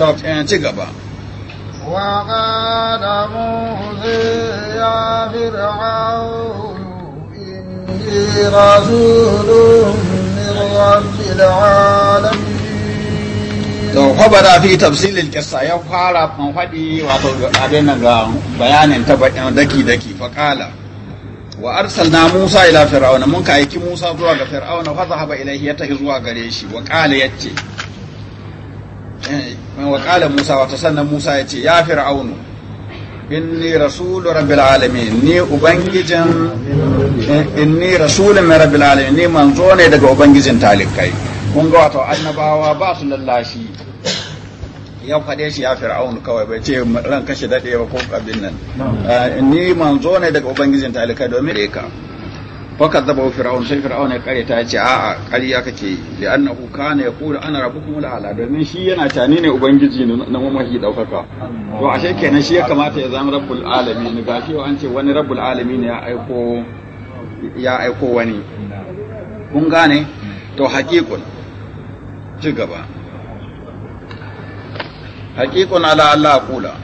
ta ci gaba وقال موسى يا فرعون إني رسول من رب العالمين to fabara fi tafsilil qissa ya fara man fadi wato abin ga bayanin ta daki daki fa qala wa arsalna Musa ila fir'auna mun ka aiki Musa zuwa ga fir'auna fa zahaba ilayhi ya tafi zuwa gare shi wa qala yace Eh, wa qala musa wa sannan musa ya ce ya fir'aunu inni rasulu rabbil alamin ni ubangijin eh, inni rasulun min rabbil alamin ni manzo ne daga ubangijin talikai kun ga wato annabawa ba su lallashi ya faɗe shi ya fir'aun kawai bai ce ran kashe daɗe ba ko abin nan eh, ni manzo ne daga ubangijin talikai domin ka fakar zaba wa fir'aun sai fir'aun ya kare ta ce a'a ƙarya kake yi li'annahu kana yaqulu ana rabbukum al'ala domin shi yana tani ne ubangiji na mamahi daukaka to ashe kenan shi ya kamata ya zama rabbul alamin ga shi an ce wani rabbul alamin ya aiko ya aiko wani kun gane to haqiqun ci gaba haqiqun ala Allah kula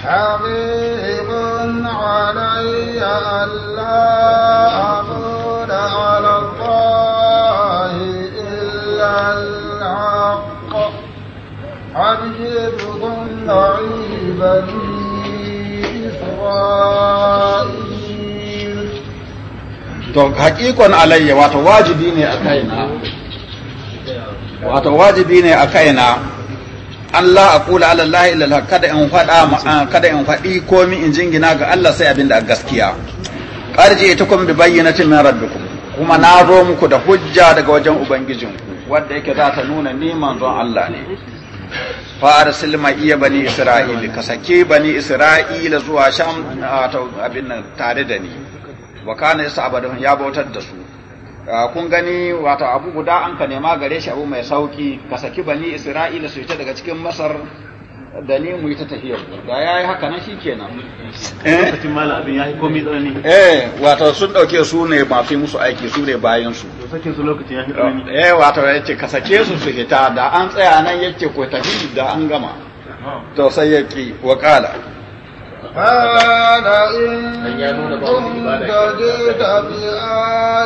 حبيب علي ألا أموت to hakikon alayya wato wajibi ne a kaina wato wajibi ne a kaina Allah a kula Allah illallah kada in faɗa kada in faɗi komi in jingina ga Allah sai abin da gaskiya arji'tukum bi bayyinatin min rabbikum kuma na zo muku da hujja daga wajen ubangijin wanda yake za ta nuna ni manzon Allah ne fara silma iya bani isra'ila ka sake bani isra'ila zuwa sham abin nan tare da ni wa kana yasa abadan ya bautar da su kun gani wato abu guda an ka nema gare shi abu mai sauki ka saki bani isra'ila su ita daga cikin masar da ni mu yi ta tafiya da ya yi haka nan shi kenan eh? lokacin mala abin ya yi komi tsanani eh wato sun dauke su ne masu musu aiki su ne bayan su sakin su lokacin ya yi tsanani eh wato ya ce kasace su su hita da an tsaya nan ya ce ko tafi da an gama to sai ya ki wa kala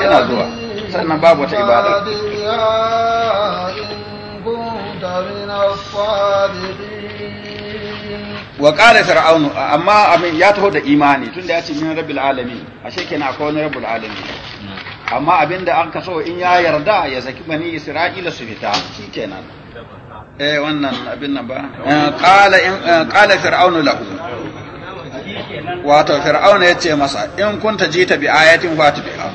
yana zuwa sannan babu wata ibada in kunta min na sadiqin wa qala fir'aunu amma abin ya taho da imani tunda ya ce min rabbil alamin ashe kenan akwai wani rabbul alamin amma abinda an kaso in ya yarda ya saki bani isra'ila su fita shikenan eh wannan abin nan ba eh, qala eh, qala fir'aunu lahu wato fir'auna ya ce masa in kunta jita bi ayatin fatiha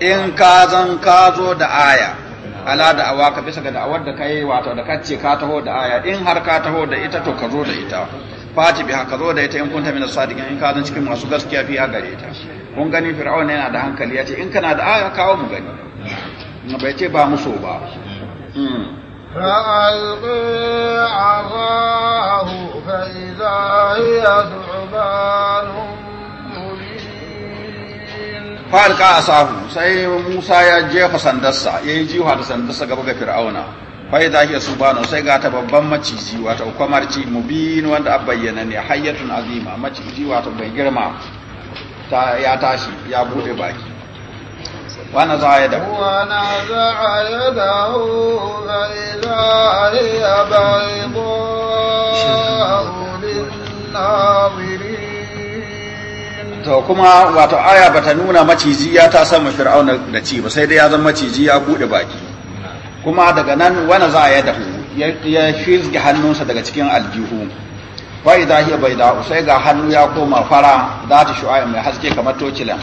in ka zan ka zo da aya ala da awaka bisa ga da'awar da kai wato da kace ka taho da aya in har ka taho da ita to ka zo da ita fati biha ka zo da ita in kunta min sadiqin in ka zan cikin masu gaskiya fi gare ta kun gani fir'auna yana da hankali yace in kana da aya kawo mu gani bai ce ba muso ba فألقي hmm. fa a asahu sai Musa ya jefa sandarsa yayi jiwa da sandarsa gaba ga Fir'auna fa idza hiya subhana sai ga ta babban maciji wata mu bi mubin wanda bayyana ne hayyatun azima maciji wata bai girma ta ya tashi ya bude baki وانا زايده وانا زايده فإذا هي to kuma wato aya bata nuna maciji ya ta sama fir'auna da ci ba sai dai ya zama maciji ya bude baki kuma daga nan wani za a yi dahu ya shizge hannunsa daga cikin aljihu za a bai da sai ga hannu ya koma fara za ta mai haske kamar tocilan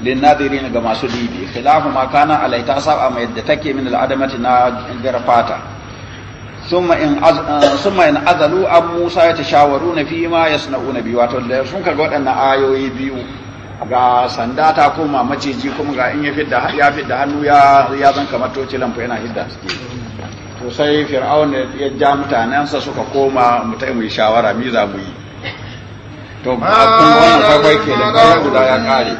lin nadirin ga masu dibi khilafu makana alaita sab mai da take min al'adamati na garfata ثم إن ثم إن أذلوا عن موسى يتشاورون فيما يصنعون به wato da sun karɓi waɗannan ayoyi biyu ga sanda ta koma maciji kuma ga in ya fidda ya fidda hannu ya ya zan kamar toci yana hidda to sai fir'aun ya ja mutanensa suka koma mu ta mu shawara mi za mu yi to kun wannan faifai ke da kai guda ya kare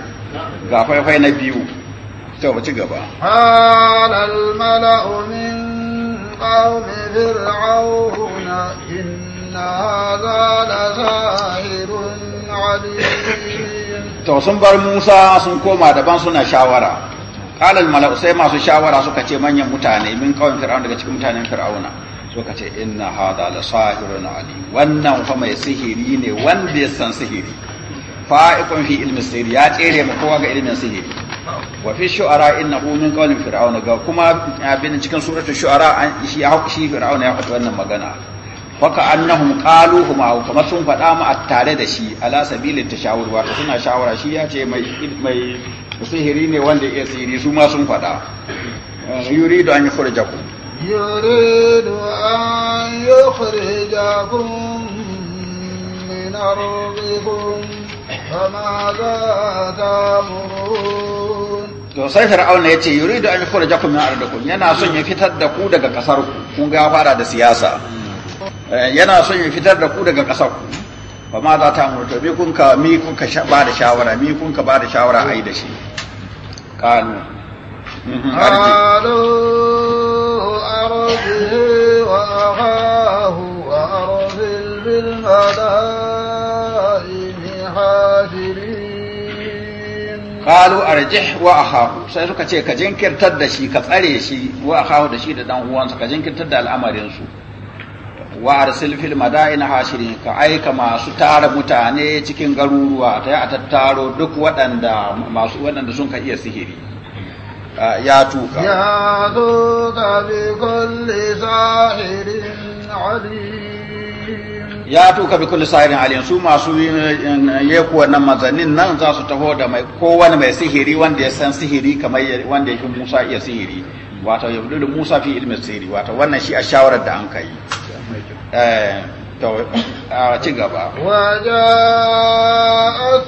ga faifai na biyu to ci قوم فرعون إن هذا لساحر عليم sun bar Musa sun koma daban suna shawara qalal mala'u sai masu shawara suka ce manyan mutane min kawai fir'auna daga cikin mutanen fir'auna suka ce inna hadha la sahirun ali wannan fa mai sihiri ne wanda ya san sihiri fa'iqun fi ilmi sirri ya tsere ma kowa ga ilmin sirri wa fi shu'ara innahu min qawlin fir'auna ga kuma abin cikin suratul shu'ara shi shi fir'auna ya faɗi wannan magana faka annahum qalu huma kuma sun faɗa mu tare da shi ala sabilin tashawur wato suna shawara shi ya ce mai mai sihiri ne wanda ya sihiri su ma sun faɗa yuridu an yukhrijakum yuridu an yukhrijakum min ardikum فماذا fir'auna ya ce yuri da an yi kura jakumin ardukun yana son ya fitar da ku daga kasar ku kun ga fara da siyasa eh, yana son ya fitar da ku daga kasar ku Ba ma za ta murta bi kun ka mi kun ka ba da shawara mi kun ka ba da shawara yi da shi kanu mhm, qalu wa ahahu wa bil Kalu arjih wa sai suka ce ka jinkirtar da shi ka tsare shi wa da shi da dan ka jinkirtar da al'amarin su wa arsil fil madain hashirin ka aika masu tara mutane cikin garuruwa ta ya tattaro duk waɗanda masu waɗanda sun ka iya sihiri ya tuka ya tuka bi kulli sahirin aliyin su masu yekuwa wannan mazanin nan za su taho da mai kowane mai sihiri wanda ya san sihiri kamar wanda yake Musa iya sihiri wato yabdul Musa fi ilmin sihiri wato wannan shi a shawarar da an kai eh to a ci gaba wa ja'a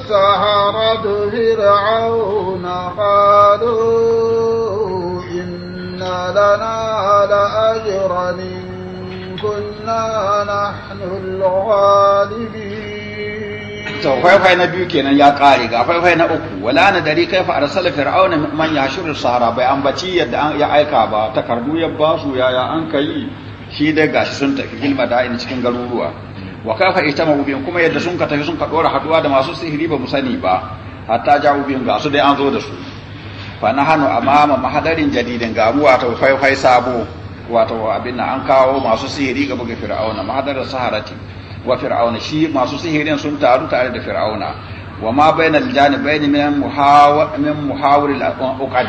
fir'auna qalu inna lana la ajran كنا نحن الغالبين na biyu kenan ya kare ga faifai na uku wala na dari kai fa arsala fir'auna manya yashuru sahara bai ambaci yadda ya aika ba takardu ya basu yaya an شي shi dai سن sun tafi دا madain cikin garuruwa wa kafa itama kuma yadda sun ka tafi sun ka dora haduwa da masu sihiri ba mu sani ba hatta ja ubin ga su dai an zo da su fa nahanu amama mahadarin jadidin ga mu ta faifai sabo wato abin nan an kawo masu sihiri ga buga fir'auna mahadarar saharati wa fir'auna shi masu sihirin sun taru tare da fir'auna wa ma bainal janibain min muhawa min muhawar al-uqad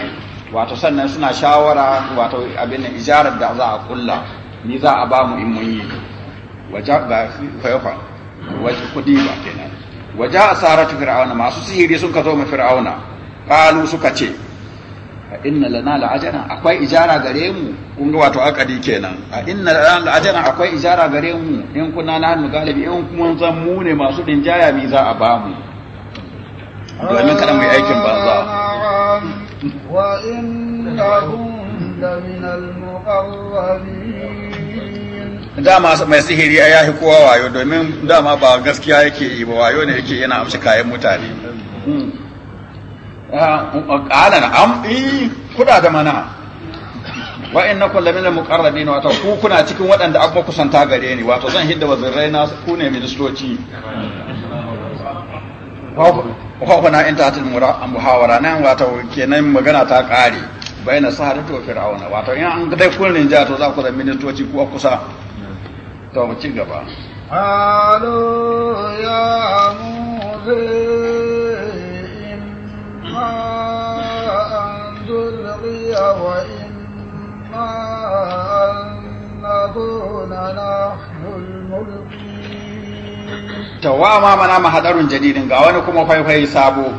wato sannan suna shawara wato abin nan ijarar da za a kulla ni za a ba mu in mun yi waja ga waje kudi ba kenan waja asaratu fir'auna masu sihiri sun ka zo ma fir'auna qalu suka ce a inna lana la'ajana akwai ijara gare mu kun ga wato akadi kenan a inna lana la'ajana akwai ijara gare mu in kuna na mu galibi in kuma zan mu ne masu jaya mi za a ba mu domin kada mu yi aikin banza wa dama mai sihiri a yahi kowa wayo domin dama ba gaskiya yake yi ba wayo ne yake yana amshi kayan mutane qala am eh kuda da mana wa innakum lamin al-muqarrabin wato ku kuna cikin waɗanda an kusanta gare ni wato zan hidda wazirai na ku ne ministoci wa na inta ta muhawara nan wato kenan magana ta ƙare bayan ta wa fir'auna wato in an dai kullum ja to za ku zama ministoci ku kusa Ta mu ci gaba وإما أن نكون نحن الملقين توما منا محضر جديد ga wani kuma faifai sabo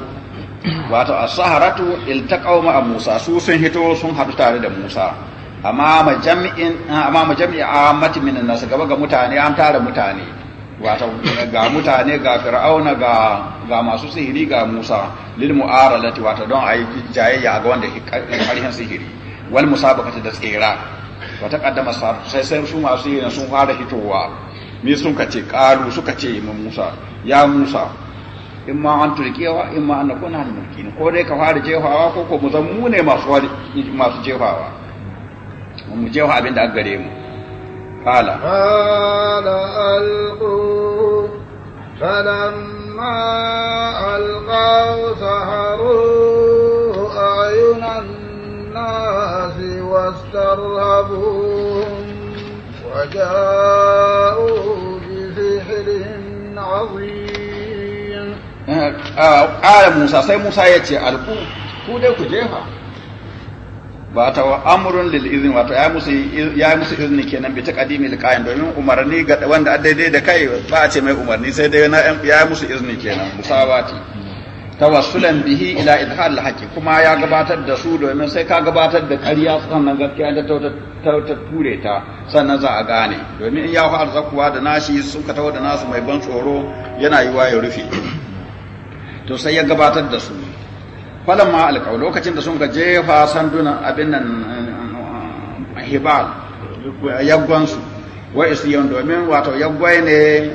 wato as-saharatu iltaqaw ma Musa su sun hito sun hadu tare da Musa amma ma amma jami'a nas gaba ga mutane an tara mutane wata ga mutane ga fir'auna ga ga masu sihiri ga Musa lil mu'aralati wata don ayi jayayya ga wanda karhin sihiri wal musabaqati da tsira wata kaddama sai sai su masu sihiri sun fara hitowa me sun kace karu suka ce mu Musa ya Musa in ma an turkiyawa in ma an nakuna da mulki ko dai ka fara jefawa ko ko mu zan mu ne masu masu jefawa mu jefa abin da gare mu قال قال ألقوا فلما ألقوا سحروا أعين الناس واسترهبوهم وجاءوا بسحر عظيم قال موسى سي موسى يتي ألقوا ku dai ku jefa ba ta wa amurin lil izin wato ya musu ya musu izini kenan bi taqdimi al domin umarni ga wanda daidai da kai ba a ce mai umarni sai dai ya musu izini kenan musawati tawassulan bihi ila idhal haqi kuma ya gabatar da su domin sai ka gabatar da ƙarya sannan gaskiya da ta ture ta sannan za a gane domin in ya hu arzakuwa da nashi sun tawo da nasu mai ban tsoro yana yiwa ya rufe to sai ya gabatar da su falamma alƙawu. lokacin da sun ga jefa sanduna abin nan eh, hibal yagwansu wa isiyan domin wato ne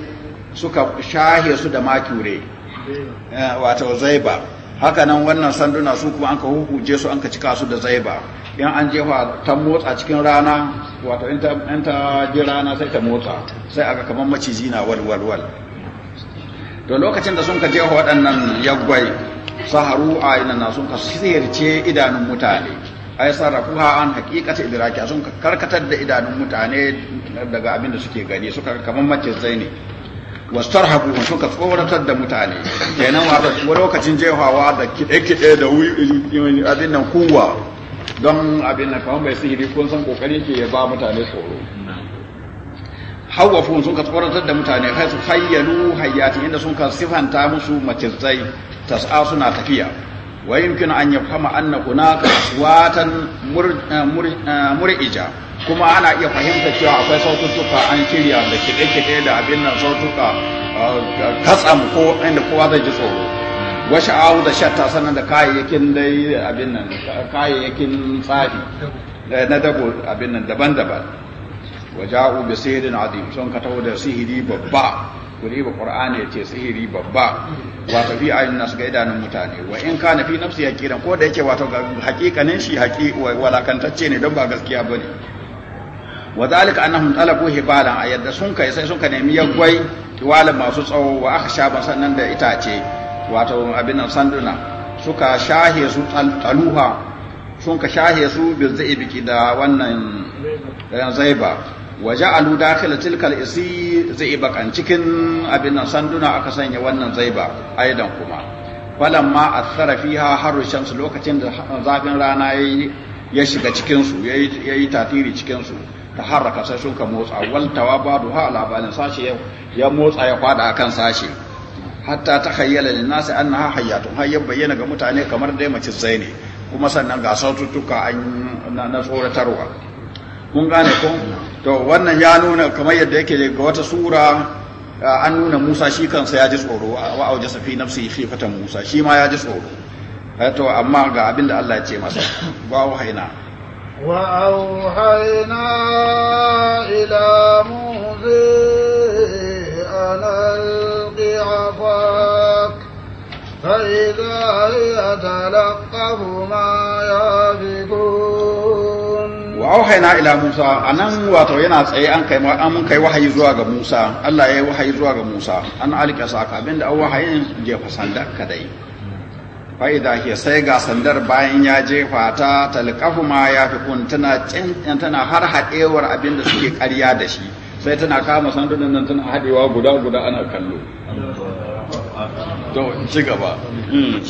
suka shahe su da makure eh, wato zaiba haka nan wannan sanduna su kuma an ka hukuje su an ka cika su da zaiba in an jefa ta motsa cikin rana wato in ta ji rana sai ta motsa sai aga kamar maciji na walwalwal to lokacin da sun ka jefa waɗannan yaggwai saharu a ina na sun ka sirce idanun mutane ai ha an haqiqata idraki sun karkatar da idanun mutane daga abin da suke gani suka kamar mace zai ne sun suka tsoratar da mutane kenan wa lokacin jehawa da kide-kide da abin nan kuwa don abin nan kamar mai sihiri kun san kokari ke ya ba mutane tsoro hawafun sun ka tsoratar da mutane kai su hayyalu hayyati inda sun ka sifanta musu macizai tas'a suna tafiya wa yumkinu an yafhama anna hunaka aswatan eh, eh, mur'ija kuma ana iya fahimta cewa akwai sautuka an shirya da kide-kide da abin nan sautuka eh, katsam ko inda kowa zai ji tsoro wa sha'awu da shatta sannan da kayayyakin dai abin nan kayayyakin tsafi na dabo abin nan daban-daban waja'u bi sihirin adim sun ka taho da sihiri babba ku riba qur'ani yace sihiri babba ta fi ayin nas ga idanun mutane wa in kana fi nafsi yaqiran ko da yake wato ga hakikanin shi walakantacce ne don ba gaskiya bane wa zalika annahum talabu hibalan ayyada sun kai sai sun ka nemi yagwai wala masu tsawo wa akhshaban sannan da itace wato abin nan sanduna suka shahe su taluha sun ka shahe su bi zaibi da wannan zaiba waje alu dakila tilkal isi zai bakan cikin abin nan sanduna aka sanya wannan zai ba, aidan kuma falan ma a fiha har shamsu lokacin da zafin rana ya shiga cikin su yayi tatiri cikinsu su ta harraka sai sun ka motsa waltawa badu ha labarin sashi ya motsa ya kwada akan sashi hatta ta hayyala lin nasi annaha hayyatun har ya bayyana ga mutane kamar dai mace zai ne kuma sannan ga saututtuka an na tsoratarwa kun gane ko to wannan ya nuna kamar yadda yake ga wata sura an nuna Musa shi kansa ya ji tsoro wa auja safi nafsi khifatan Musa shi ma ya ji tsoro eh, to amma ga abin da Allah ya ce masa wa wahaina wa auhayna ila muzi an alqi afak fa idha yatalaqqahu ma yafikun wa auhayna ila Musa anan wato yana tsaye an kai an kai wahayi zuwa ga Musa Allah ya yi wahayi zuwa ga Musa an alika saka abinda an wahayin jefa sandar kadai fa ke sai ga sandar bayan ya jefa ta talqafu ma ya fi kun tana tana har hadewar abinda suke ƙarya da shi sai tana kama sandunan nan tana hadewa guda guda ana kallo to ci gaba hmm.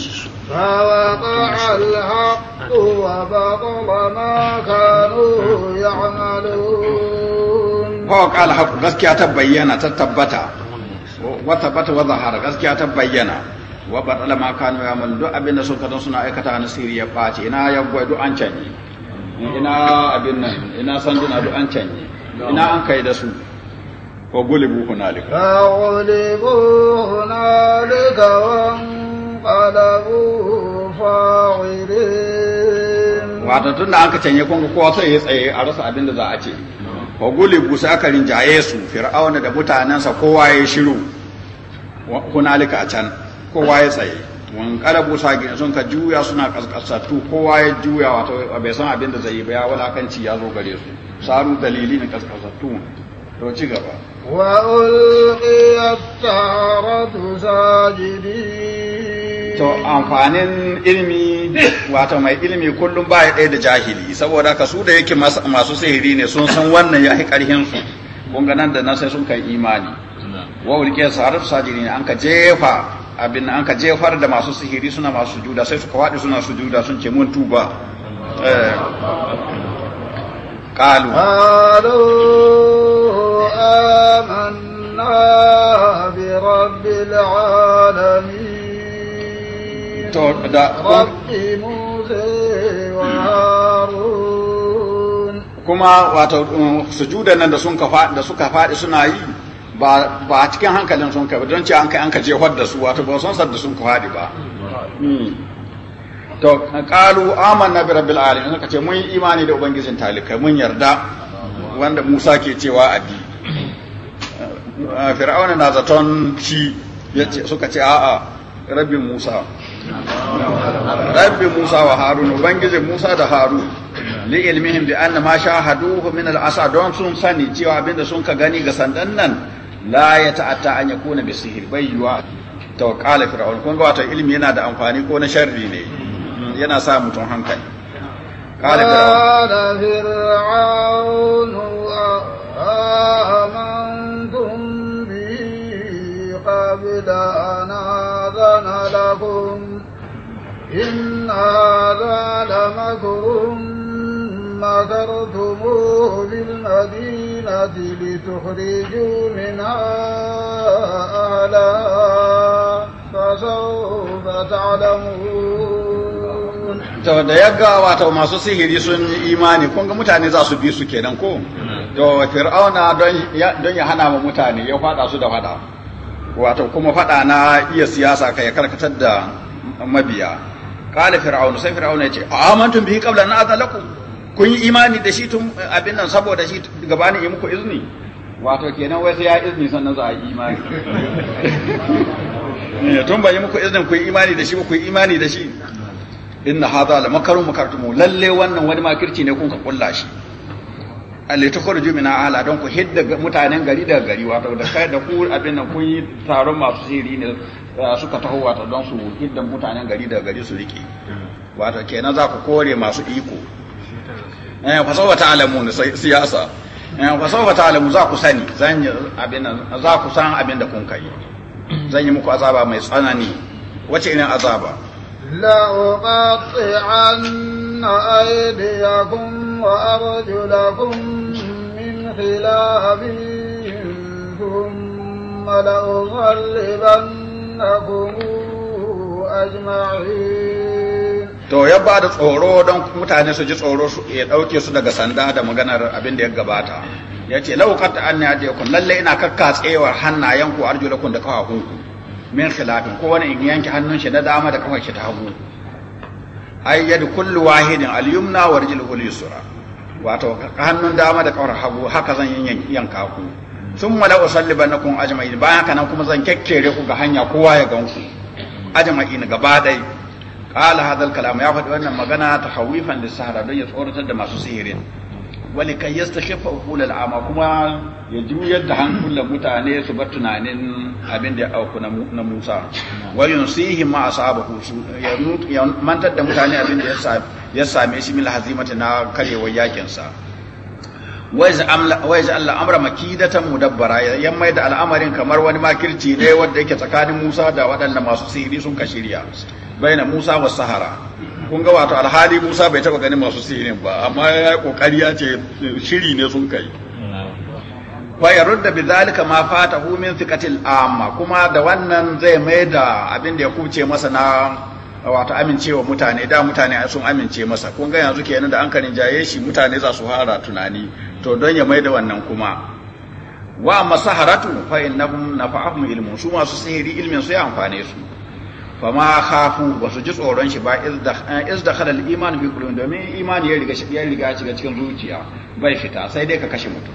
فوقع الحق وبطل ما كانوا يعملون فوقع الحق غسكي تبين تتبتا وتبت وظهر غسكي تبين وبطل ما كانوا يعملون duk abin da sun kadan suna aikata na sirri ya ɓaci ina ya gwai duk an canye ina abin nan ina an canye ina an kai su wa gulibu hunalika fa gulibu فانقلبوا wato tun da aka canye kun kowa sai ya tsaye a rasa abin da za a ce wa busa aka rinjaye su fir'auna da mutanensa kowa ya shiru alika a can kowa ya tsaye wan busa gina sun ka juya suna kaskasattu kowa ya juya wato bai san abin da zai yi ba ya ci ya zo gare su saru dalilin kaskasattu to ci gaba وألقي ساجدين to amfanin ilmi wato mai ilmi kullum ba ya ɗaya da jahili saboda ka su da yake masu sihiri ne sun san wannan ya ƙarhin su kun da nan sai sun kai imani wa ulqiya sajiri ne an ka jefa abin an ka jefar da masu sihiri suna masu juda sai suka faɗi suna sujuda sun ce mun tuba قالوا قالوا آمنا برب العالمين to da kuma wato um, sujuda nan da sun kafa da suka faɗi suna yi ba ba cikin hankalin sun kafa don ce an kai an kaje jefar da su wato ba sun san da sun faɗi ba hmm. to qalu amanna bi rabbil alamin suka ce mun imani da ubangijin talikai mun yarda wanda Musa ke cewa adi fir'auna na zaton shi suka ce a'a rabin Musa rabbi musa wa harun ubangiji musa da haru li ilmihim bi anna ma shahaduhu min al asa don sun sani cewa abinda sun ka gani ga sandan nan la ya ta'atta an yakuna bi sihir bayyuwa to qala fir'aun kun ga wato ilmi yana da amfani ko na sharri ne yana sa mutum hankali qala fir'aun amantum إن هذا لمكر مكرتموه بالمدينة لتخرجوا منها أهلها فسوف تعلمون to da yaga wato masu sihiri sun yi imani kun ga mutane za su bi su kenan ko to fir'auna don ya hana ma mutane ya fada su da fada wato kuma fada na iya siyasa ka ya karkatar da mabiya qala fir'aun sai fir'aun ya ce amantum bihi qabla an azalakum kun yi imani da shi tun eh, abin nan saboda shi gabanin yi muku izini wato kenan wai sai ya izini sannan za a yi imani eh, tun ba yi muku izinin ku yi imani da shi ku yi imani da shi inna hadha la makarun makartumu lalle wannan wani makirci ne kun ka kulla shi alle ta kwarju min ala don ku hidda mutanen gari daga gari wato da kai da ku abin nan kun yi taron masu sirri ne Eh, suka taho wata don su hidda mutanen gari daga gari su rike wata kenan za ku kore masu iko eh alamu ta'lamun siyasa eh fasawa alamu za ku sani zan abin za ku san abin da kun kai zan yi muku azaba mai tsanani wace irin azaba la uqati'anna aydiyakum wa arjulakum min khilafin ثم لأغلبن إنكم أجمعين to ya ba da tsoro don mutane su ji tsoro ya ɗauke su daga sanda da maganar abin da ya gabata ya ce laukata an ya je kun lalle ina kakka tsewar hannayen ku arjulakun da kafafun ku min khilafin ko wani in yanke hannun shi na dama da kafar shi ta hagu ay yad kullu wahidin al yumna wa rijluhu al yusra wato hannun dama da kafar hagu haka zan yanka ku sun usalli bana kun ajma'i bayan haka nan kuma zan kekkere ku ga hanya kowa ya ganku ne gaba dai qala hadal kalam ya faɗi wannan magana ta hawifan lisahara don ya tsoratar da masu sihirin wani kan yastakhiffa uqul ama kuma ya juyar da hankulan mutane su bar tunanin abin da ya auku na Musa wayan sihin ma su ya mantar da mutane abin da ya same shi mil hazimata na karewar yakin sa wai ji Allah amra makidatan mudabbara ya mai da al'amarin kamar wani makirci ne wanda yake tsakanin Musa da waɗanda masu sihiri sun ka shirya baina Musa wa Sahara kun ga wato alhali Musa bai taba ganin masu sihirin ba amma ya kokari ya ce shiri ne sun kai wa yarudda bi ma fatahu min thiqatil amma kuma da wannan zai mai da abin da ya kuce masa na wato amincewa mutane da mutane sun amince masa kun ga yanzu kenan da an karin jaye shi mutane za su hara tunani to don ya mai da wannan kuma wa masaharatu fa innahum nafa'ahum ilmun su masu sihiri ilmin su ya amfane su fa ma khafu ba su ji tsoron shi ba iz eh, dakhala al iman bi kullu domin imani ya riga ya riga ga cikin zuciya bai fita sai dai ka kashe mutum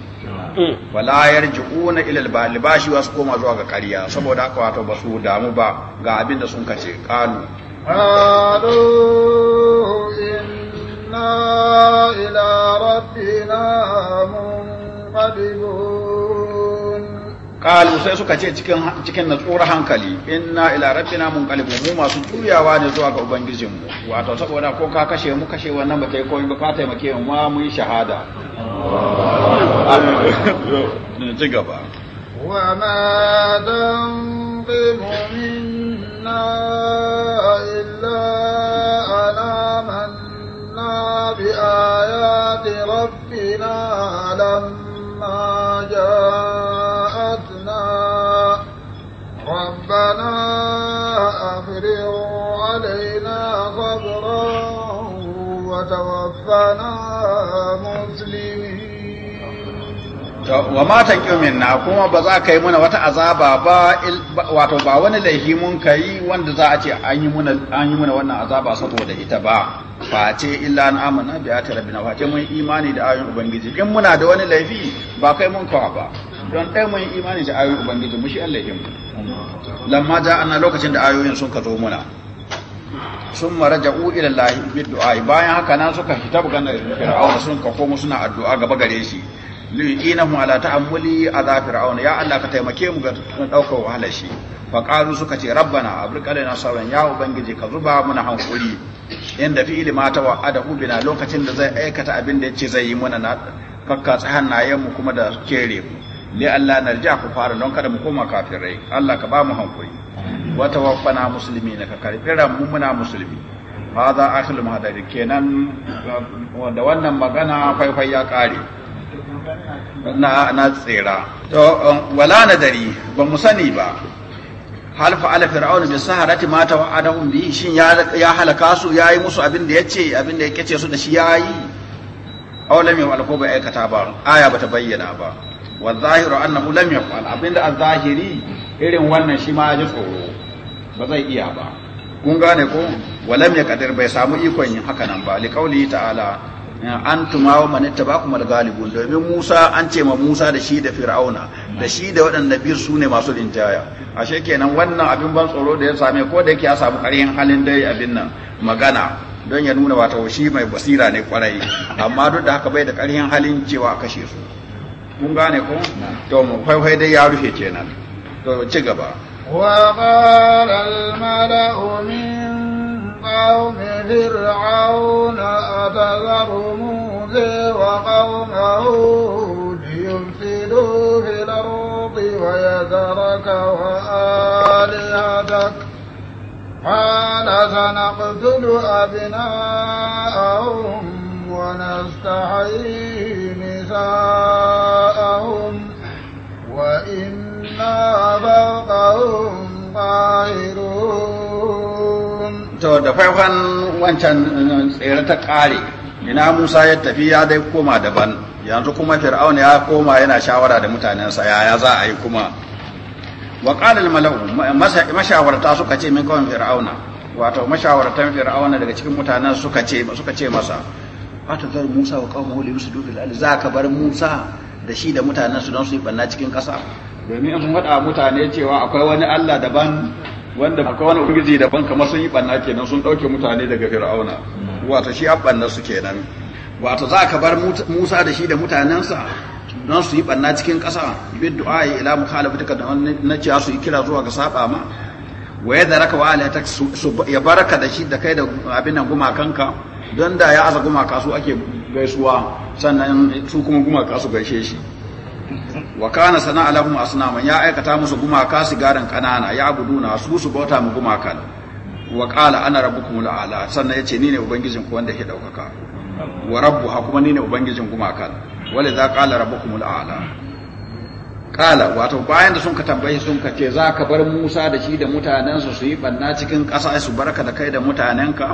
wala hmm. yarji'una ila al bashi wasu koma zuwa ga ƙarya saboda haka wato ba su damu ba ga abin da sun kace qalu qalu إنا إلى ربنا منقلبون قالوا sai suka ce cikin cikin natsuwar hankali inna ila rabbina munqalibun mu masu juyawa ne zuwa ga mu. wato saboda ko ka kashe mu kashe wannan ba kai komai ba ka taimake mu ma mun shahada ci gaba wa ma dan آيات ربنا لما جاءتنا ربنا أفرغ علينا صبرا وتوفنا مسلمين wa ma ta na kuma ba za ka yi muna wata azaba ba wato ba wani laifi mun ka yi wanda za a ce an yi muna wannan azaba saboda ita ba face illa an amana bi aka rabbi na face mun imani da ayoyin ubangiji in muna da wani laifi ba kai mun kawa ba don ɗaya mun imani da ayoyin ubangiji mu shi an laifi mu lamma ja anna lokacin da ayoyin sun ka zo muna sun maraja'u ila lahi bi du'a bayan haka nan suka fita bugan da fir'auna sun ka komo suna addu'a gaba gare shi liyinahum ala ta'ammuli adha fir'aun ya Allah ka taimake mu ga dauka wahalar shi fa qalu suka ce rabbana abrikalana sawan ya ubangije ka zuba muna hankuri inda fi ilma ta wa'ada hubina lokacin da zai aikata abin da yace zai yi muna na fakka hannayen mu kuma da kere mu li Allah narja ku fara don kada mu koma kafirai Allah ka ba mu hankuri wa tawaffana muslimina ka karfiran mu muna musulmi hadha ma muhadarin kenan da wannan magana faifai ya kare na na tsira to um, wala nadari ba mu sani ba hal ala fir'aun bi saharati ma tawa'adahum bi shin ya ya halaka su yayi musu abin da yace abin da yake ce su da shi yayi aw lam yaf'al ko bai aikata ba aya bata bayyana ba wa zahiru annahu lam yaf'al abin da zahiri irin wannan shi ma ji tsoro ba zai iya ba kun gane ko walam ya kadir bai samu ikon yin haka nan ba li ta'ala an tuma wa ba kuma da galibun domin Musa an ce ma Musa da shi da Fir'auna da shi da waɗanda bir su ne masu rinjaya ashe kenan wannan abin ban tsoro da ya same ko da yake ya samu ƙarfin halin dai abin nan magana don ya nuna wata shi mai basira ne kwarai amma duk da haka bai da ƙarfin halin cewa a kashe su kun gane ko to mu faifai dai ya rufe kenan to ci gaba wa qala al-mala'u min قوم فرعون أتذر موسى وقومه ليفسدوا في الأرض ويذرك وآلهتك قال سنقتل أبناءهم ونستحيي نساءهم وإنا فوقهم قاهرون to da faifan wancan eh, tsere ta ƙare ina musa ya tafi ya dai koma daban yanzu kuma fir'aun ya koma yana shawara da mutanensa yaya za a yi kuma wa qala al mashawarta suka ce min kawai fir'auna wato mashawartan fir'auna daga cikin mutanen suka ce suka ce masa wato zar musa wa qawmuhu li yusdu fil ardi za ka bar musa da shi da mutanen su don su yi banna cikin ƙasa domin in faɗa mutane cewa akwai wani Allah daban wanda akwai wani ubangiji daban kamar sun yi banna kenan sun dauke mutane daga fir'auna hmm. wato shi abanna su kenan wato za ka bar Musa da shi da mutanensa don su yi banna cikin ƙasa bid du'a ila duka da na ciya su yi kira zuwa ga saba ma wa ya daraka wa ta ya baraka da shi da kai da abin nan gumakanka don da ya aza gumaka su ake gaisuwa sannan su kuma gumaka su gaishe shi wa kana sana'a lahum asnaman ya aikata musu gumaka garan kanana ya abuduna su su bauta mu gumakan wa qala ana rabbukumul a'la sannan yace ni ne ubangijin ku wanda ke daukaka wa ha kuma ni ne ubangijin gumakan wala za qala rabbukumul a'la qala wato bayan da sun ka tambaye sun ka ce za ka bar Musa da shi da mutanansa su yi banna cikin ƙasa su barka da kai da mutanenka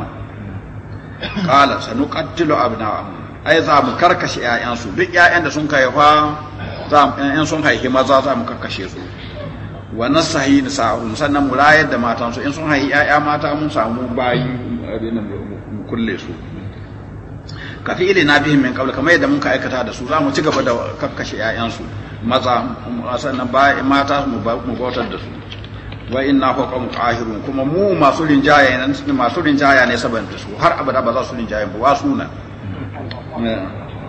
qala sanuqattilu abna'ahum ai za mu karkashe 'ya'yansu duk 'ya'yan da sun kai fa in sun haihi maza za mu kakkashe su wa da sa'arun sannan mu rayar da matansu in sun haihi 'ya'ya mata mun samu bayi abin mu kulle su ka fi ilina biyun min qabl kamar yadda mun ka aikata da su za mu ci gaba da kakkashe 'ya'yansu. maza sannan bayi, mata mu bautar da su wa inna fawqa muqahirun kuma mu masu rinjaya ne masu rinjaya ne saboda su har abada ba za su rinjaya ba wa sunan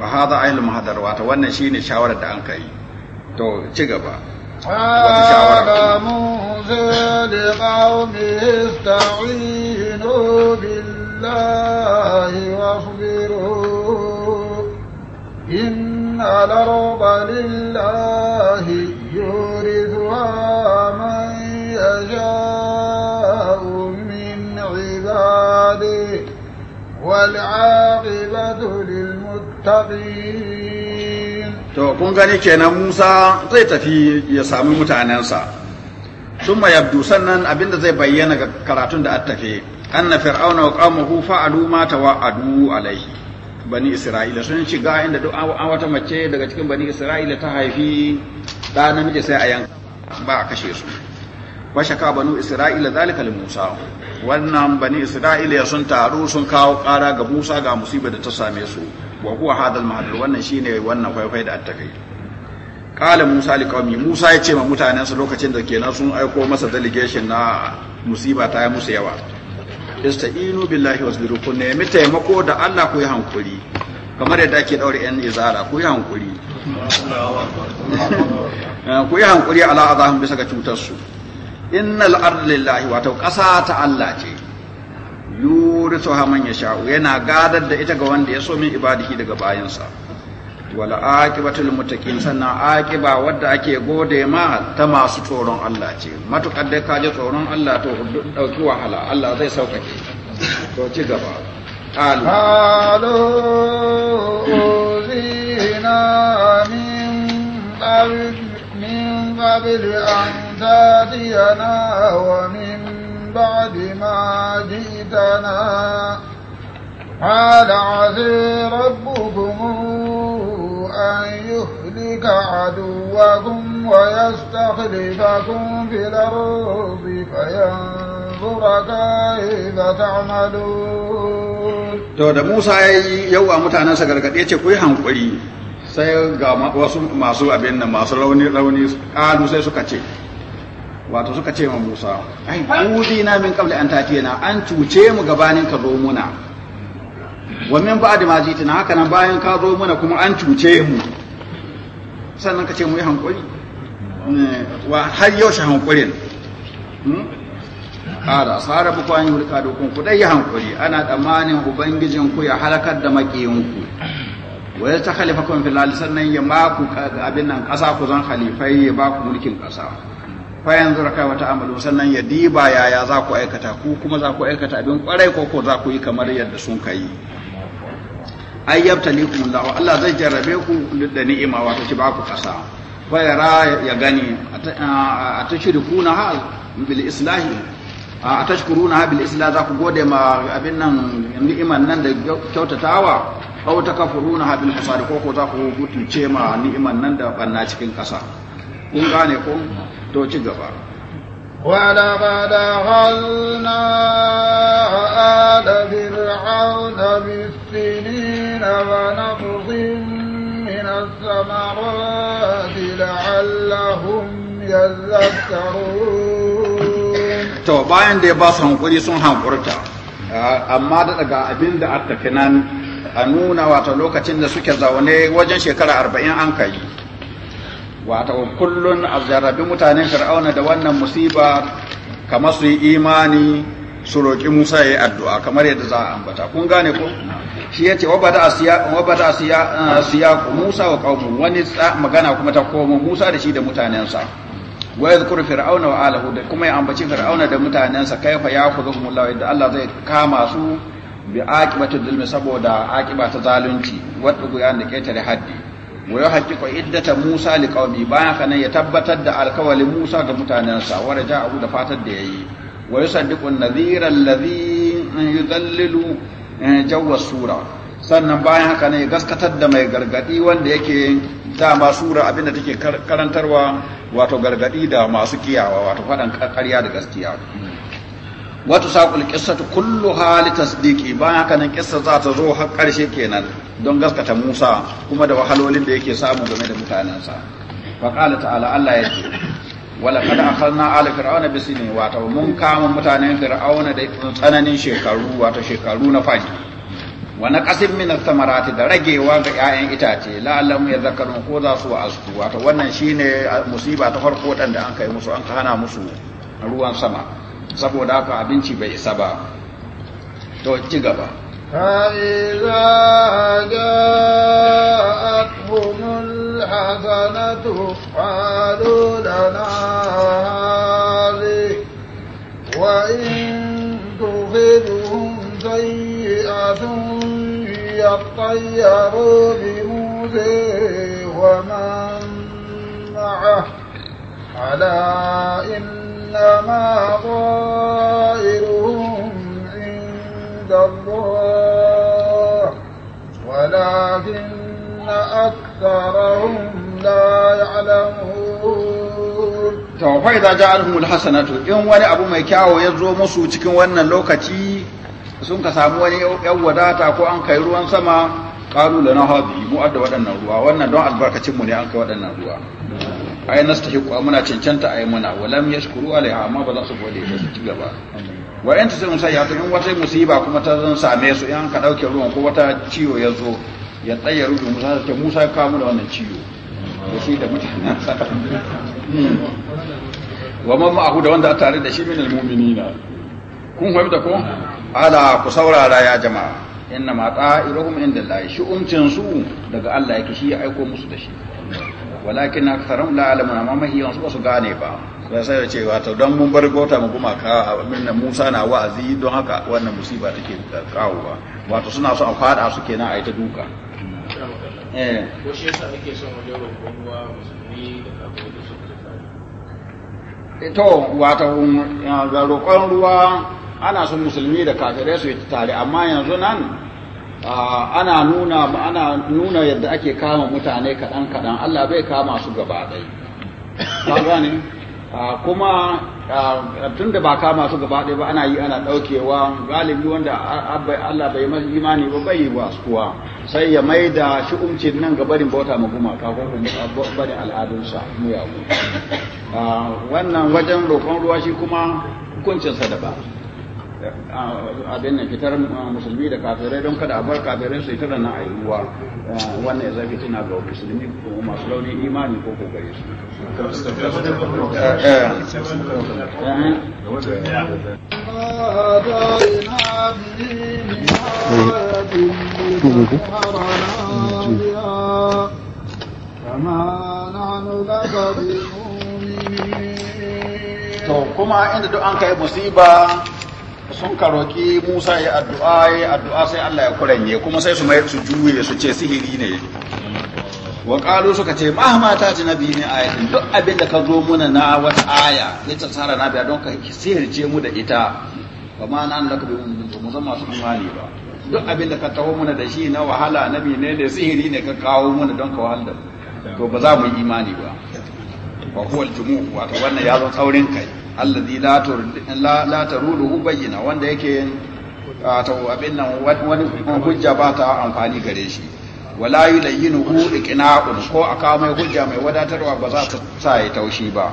wa hadha ayyul mahdar wato wannan shine shawarar da an kai to ci gaba wata shawara إن الأرض لله يورثها من يشاء من عباده والعاقبة للمتقين to kun gani kenan Musa zai tafi ya sami mutanensa sun yabdu sannan abinda zai bayyana ga karatun da attafe anna fir'auna wa qaumuhu fa'alu ma tawa'adu alaihi bani isra'ila sun shiga inda duk wata mace daga cikin bani isra'ila ta haifi da namiji sai a yanka ba a kashe su shaka banu isra'ila zalika li musa wannan bani isra'ila sun taru sun kawo kara ga musa ga musibar da ta same su wa huwa hadha al-mahdur wannan shine wannan faifai da attakai qala musa li qaumi musa ya ce ma mutanen sa lokacin da kenan sun aiko masa delegation na musiba ta yi musu yawa ista'inu billahi wasbiru kun nemi taimako da Allah ku yi hankuri kamar yadda ake daure yan izara ku yi hankuri ku yi hankuri ala azahum bisa ga cutar su innal ardi lillahi wato ƙasa ta Allah ce su haman ya sha'u yana gadar da ita ga wanda ya so min ibadiki daga bayansa wala aqibatul muttaqin sannan aqiba wadda ake gode ma ta masu tsoron Allah ce matukar da ka tsoron Allah to dauki wahala Allah zai saukake to ci gaba qalu zina min min qabl an tadiyana wa min بعد ما جئتنا قال عزي ربكم أن يهلك عدوكم ويستخلفكم في الأرض فينظر كيف تعملون to da Musa ya yi yau a mutanensa gargaɗe ce ku yi hankuri sai ga wasu masu abin nan masu rauni rauni ƙalu sai suka ce wato suka ce ma Musa ai na min qabli an tatiyana an cuce mu gabanin ka zo muna wa min ba'di ma jitina haka nan bayan ka zo muna kuma an cuce mu sannan ka ce mu yi hankuri wa har yau shi hankurin kada hmm? sara bu kwani hulka da kun kudai hankuri ana tsammanin ubangijin ku ya halakar da makiyin ku wa ya ta khalifa kun fil sannan ya ma ku abin nan kasa ku zan khalifai ya ba ku mulkin kasa fayan kai wata amalu sannan ya diba yaya za ku aikata ku kuma za ku aikata abin kwarai ko ko za ku yi kamar yadda sun kai ai yabtalikum Allah Allah zai jarrabe ku da ni'ima wato shi ba ku kasa wa yara ya gani atashirikuna ha bil islahi atashkuruna ha bil islah za ku gode ma abin nan ni'iman nan da kyautatawa aw takafuruna ha bil hasad ko ko za ku mutunce ma ni'iman nan da banna cikin kasa kun gane ko to ci gaba wala ba da halna adabir auna bisini na ba na kuzin min asamawa da allahun to bayan da ya ba su hankuri sun hankurta amma daga abin da aka nan a nuna wata lokacin da suke zaune wajen shekara arba'in an kai wato kullun a jarrabi mutanen fir'auna da wannan musiba kamar su yi imani su roƙi musa ya yi addu'a kamar yadda za a ambata kun gane ko shi ya ce wabada siyaku ah, musa wa ƙaunin wani magana kuma ta komo musa da shi da mutanensa wa ya zukuru fir'auna wa alahu da kuma ya ambaci fir'auna da mutanensa kaifa ya ku zuhumun lawa yadda allah zai kama su bi aƙibatun zulmi saboda aƙiba ta zalunci wadda guya da ƙetare haddi wa ya haƙiƙa iddata Musa li qaumi bayan haka ya tabbatar da alkawalin Musa ga mutanensa wa raja abu da fatar da yayi wa yusaddiqu an-nadhira alladhi yudallilu eh, jawwa sura sannan bayan haka ne gaskatar da mai gargadi wanda yake dama sura abinda take karantarwa wato gargadi da masu kiyawa wato faɗan ƙarya da gaskiya wata saƙul ƙissatu kullu hali tasdiki bayan haka nan ƙissa za ta zo har ƙarshe kenan don gaskata Musa kuma da wahalolin da yake samu game da mutanensa fa qala ta'ala Allah ya ce wala kad akhadna ala fir'auna bisini wato mun kama mutanen fir'auna da tsananin shekaru wato shekaru na fadi wa naqasin min samarati da ragewa ga 'ya'yan itace la'allam zakaru ko za su wa wa'azu wato wannan shine musiba ta farko dan da an kai musu an hana musu ruwan sama saboda haka abinci bai isa ba to ci gaba فإذا جاءتهم الحسنة قالوا لنا هذه وإن تخذهم سيئة يطيروا بموسى ومن معه ألا إن إنما طائرهم عند الله ولكن أكثرهم لا يعلمون to fa idza ja'alhum alhasanatu in wani abu mai kyawo ya zo musu cikin wannan lokaci sun ka samu wani yan wadata ko an kai ruwan sama da lana hadhi mu adda waɗannan ruwa wannan don albarkacinmu ne an kai waɗannan ruwa ai nastahiqu muna cancanta ai muna walam yashkuru alaiha amma ba za su gode ba su ci gaba wa yan tasawun sai ya to in wata musiba kuma ta zan same su in ka dauke ruwan ko wata ciwo ya zo ya tsaya rubu musa ta musa ya mu da wannan ciwo da shi da mutanen sa wa man ma'ahu da wanda tare da shi min almu'minina kun fahimta ko ala ku saurara ya jama'a inna ma ta'iruhum inda Allah shi umcin su daga Allah yake shi ya aiko musu da shi walakin na la alamuna amma mahi yansu wasu su gane ba sai sai ce wato don mun bar gota mu kuma ka minna Musa na wa'azi don haka wannan musiba take kawo ba wato suna so a fada su kenan a yi ta duka eh ko shi yasa ake son wajen roƙon ruwa musulmi da kafin su eh, to wato um, ga roƙon ruwa ana son musulmi da kafirai su yi tare amma yanzu nan Ah, ana nuna ana nuna yadda ake kama mutane kaɗan kaɗan Allah bai kama su gaba ɗaya ka gane ah, kuma ah, tun da ba kama su gaba ɗaya ba ana yi ana ɗaukewa galibi wanda Allah bai masa imani ba bai yi wasuwa sai ya mai da shi umcin nan ga barin bauta mu gumaka ko barin al'adunsa yawo wannan wajen roƙon ruwa shi kuma hukuncinsa ba. abin nan fitar musulmi da kafirai don kada a bar kafirai su yi tara na ayyuwa wannan ya zafi tuna ga musulmi ko masu launin imani ko kogare su To kuma inda duk an kai musiba sun karoki Musa ya addu'a ya addu'a sai Allah ya kuranye kuma sai su mai su juye su ce sihiri ne wa qalu suka ce mahma ta ji nabi ne ayatin duk abin ka zo muna na wata aya ya tsara na biya don ka sihirce mu da ita Ba amma nan da ka bi mu zama su imani ba duk abin ka taho muna da shi na wahala nabi ne da sihiri ne ka kawo muna don ka wahala to ba za mu yi imani ba wa huwa wato wannan ya zo tsaurin kai allazi la tur la taruduhu bayyana wanda yake wato abin nan wani hujja ba ta amfani gare shi wala yulayyinuhu iqna'un ko aka mai hujja mai wadatarwa ba za ta sa ya taushi ba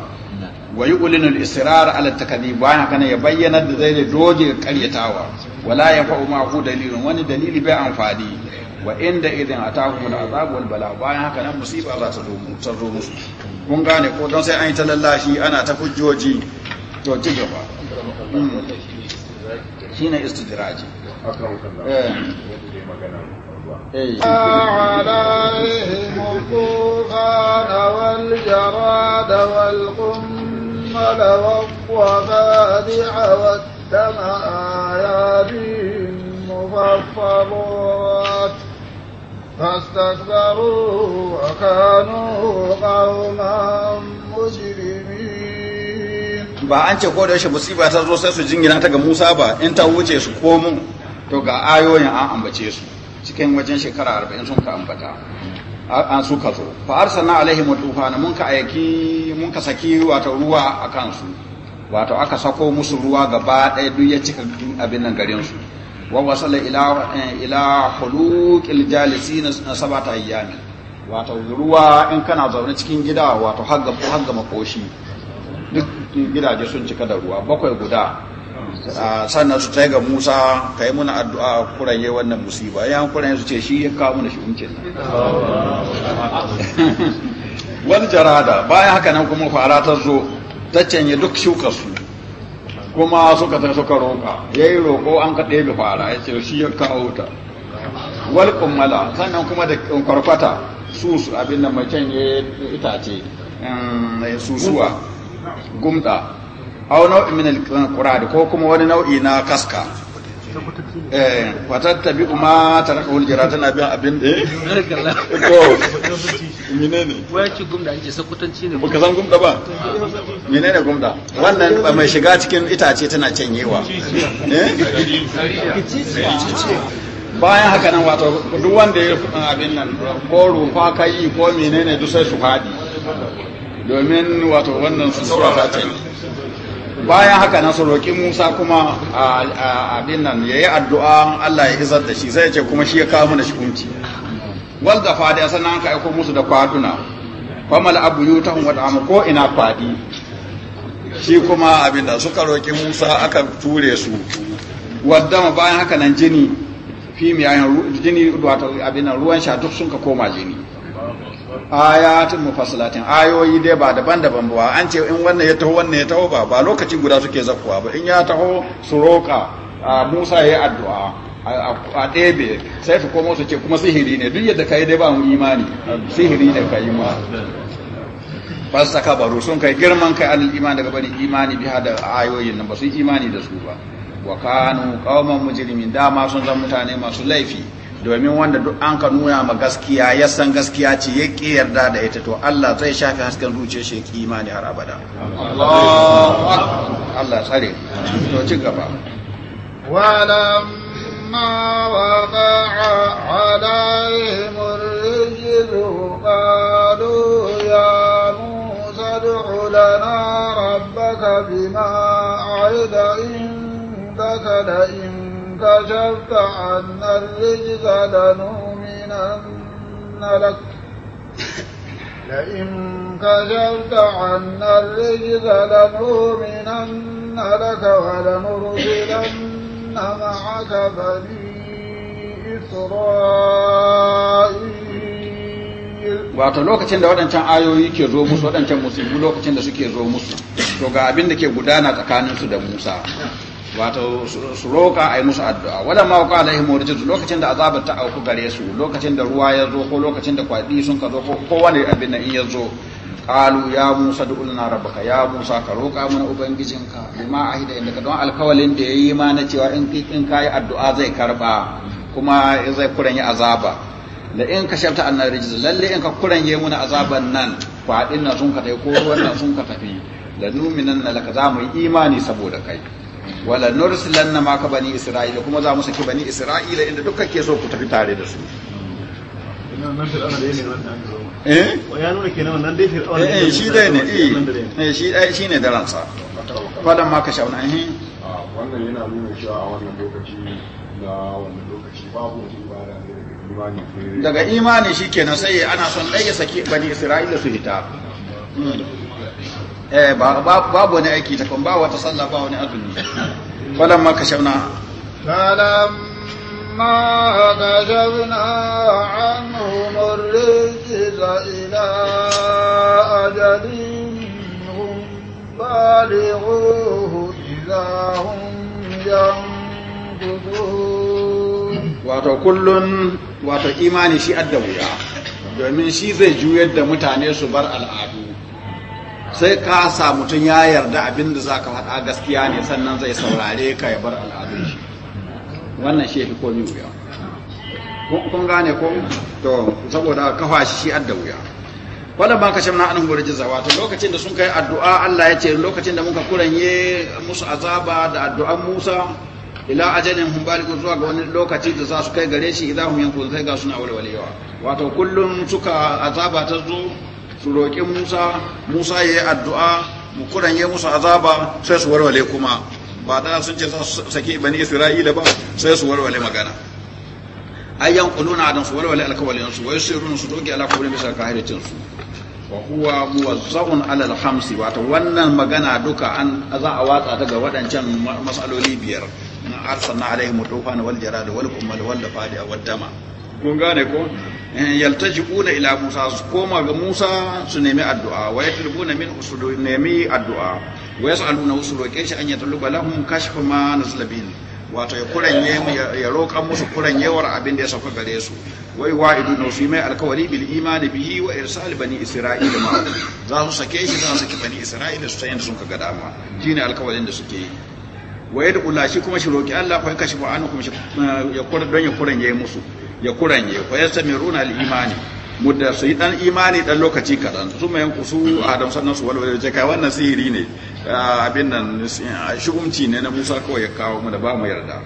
wa yu'linu al-israr ala at-takdhib wa haka ne ya bayyana da zai doje karyatawa wala yafa'u ma hu dalilun wani dalili bai amfani wa inda idan atahu al-azab wal bala bayan haka nan musiba za ta zo musu mun gane ko don sai an yi ta lallashi ana ta hujjoji to ci gaba hmm. shi ne istidiraji عليهم الطوفان والجراد والقمل والضفادع والدم آيات مفصلات فاستكبروا وكانوا قوما مجرمين ba an ce ko da yaushe musiba ta zo sai su jingina ta ga Musa ba in ta wuce su komo to ga ayoyin an ambace su cikin wajen shekara 40 sun ka ambata an su ka zo fa arsalna alaihim tufana mun ka ayaki mun ka saki wato ruwa akan su wato aka sako musu ruwa gaba ɗaya duk ya cika abin nan garin su wa wasala ila eh, ila khuluqil jalisin sabata ayyami. wato ruwa in kana zaune cikin gida wato hagga hagga duk gidaje sun cika da ruwa bakwai guda ah, sannan su tsaye ga Musa kai muna addu'a kuraye wannan musiba yan kuraye su ce shi ya kawo mana shi wani jarada bayan haka nan kuma fara ta zo ta canye duk shukar su kuma suka ta suka roƙa ya yi roƙo an ka ɗebe fara ya ce shi ya kawo ta wal kummala sannan kuma da kwarkwata su abin da mai can ya itace mm, susuwa gumda au nau'i min al ko kuma wani nau'i na kaska eh watatta bi ma ta tana bin abin ci gumda ake sakutanci ne baka san gumda ba gumda wannan mai shiga cikin itace tana canyewa eh? bayan haka nan wato duk wanda ya abin nan ko rufa kai ko menene duk sai su fadi domin wato wannan su sura ta ce bayan haka nan su roƙi Musa kuma abin nan ya yi addu'a Allah ya izar da shi sai ya ce kuma shi ya kawo mana shi kunci wal da fadi a sannan ka aiko musu da kwaduna famal abu yi ta hunwata da ko ina fadi. shi kuma abin da suka roƙi Musa aka ture su wadda bayan haka nan jini fi miyayen jini abin nan ruwan sha duk sun ka koma jini ayatun mufassalatin ayoyi dai ba daban-daban ba an ce in wannan ya taho wannan ya taho ba ba lokaci guda suke zakkuwa ba in ya taho su roƙa Musa ya yi addu'a a ɗebe sai fi komo su ce kuma sihiri ne duk yadda kai dai ba mu imani sihiri ne kai ma fasta baro sun kai girman kai an imani daga bari imani biha da ayoyin nan ba su imani da su ba wa kanu qauman mujrimin dama sun zama mutane masu laifi domin wanda duk an ka nuna ma gaskiya ya san gaskiya ce ya ƙi yarda da ita to Allah zai shafi hasken zuciyar shi ƙi imani har abada Allah tsare to ci gaba ولما وقع عليهم الرجل قالوا ya موسى ادع لنا ربك بما عهد عندك لئن كشفت عنا الرجز لنؤمنن لك لئن كشفت عنا الرجز لنؤمنن لك ولنرسلن معك بني إسرائيل wato lokacin da waɗancan ayoyi ke zo musu waɗancan musulmi lokacin da suke zo musu to ga abin da ke gudana tsakaninsu da musa wato su roƙa a yi musu addu'a wadda ma wa jirgin lokacin da azabar ta auku gare su lokacin da ruwa ya zo ko lokacin da kwaɗi sun ka zo ko wani abin na iya zo ƙalu ya musa da ulna rabaka ya musa ka roƙa mana ubangijinka bima ahida inda ka don alkawalin da yayi ma na cewa in ka yi addu'a zai karɓa kuma zai yi azaba Da in ka shafta annar rijiz lalle in ka yi muna azaban nan kwaɗin na sun ka tafi ko ruwan na sun ka tafi da numinan laka za mu yi imani saboda kai wala nursilanna ma ka bani isra'ila kuma za mu saki bani isra'ila inda dukkan ke so ku tafi tare da su eh? Eh, eh, eh shi dai na daga imani shi kenan sai ana son ɗaya saki bani isra'ila su hita hmm. eh babu wani aiki ta ba wata sallah ba wani azumi wala ma kashafna falan ma kashafna anhum ar-rijza ila ajalin hum balighuhu idza hum wato kullun wato imani shi adda domin shi zai juyar da mutane su bar al'adu sai ka sa mutum ya yarda abin da za ka faɗa gaskiya ne sannan zai saurare ka ya bar al'adun shi wannan shi fi komi wuya kun gane ko to saboda kafa shi shi adda wuya wannan ban kashe na anhu burjiza wato lokacin da sun kai addu'a Allah ya ce lokacin da muka kuranye musu azaba da addu'an Musa ila ajalin hum ko zuwa ga wani lokaci da za su kai gare shi idan hum yankun sai ga suna walwalewa wato kullum suka azaba ta zo su roƙi musa musa ya yi addu'a mu ya musu azaba sai su warware kuma ba da sun ce za su bani isra'ila ba sai su warware magana ayyan quluna adan su warware alkawalin su wai sirrun su doke ala bisa kahircin su wa huwa muwazzaun alal hamsi wato wannan magana duka an za a watsa daga waɗancan masaloli biyar na arsalna alaihim tufan wal jarad wal kummal wal fadi wad dama kun gane ko Eh, yaltaji'una ila Musa su koma ga Musa su nemi addu'a wa yatlubuna min usudu nemi addu'a wa yas'aluna usul wa shi an yatluba lahum kashfa ma naslabin wato ya kuranye ya roƙa musu yawar abin da ya sauka gare su wai wa'idu iduna su mai alkawari bil imani bihi wa irsal bani isra'ila ma za su sake shi za su sake bani isra'ila su tayin da sun kaga dama shine alkawarin da suke yi wa yad'u kula shi kuma shi roki Allah fa kashi ba an kuma eh, ya kuran don ya kuranye musu ya kuranye fa yastamiruna al-imani mudda su yi dan imani dan lokaci kadan su mai kusu adam sannan su walwala ce kai wannan sihiri ne ah, abin nan shugumci ne na Musa kawai ya kawo mu da ba mu yarda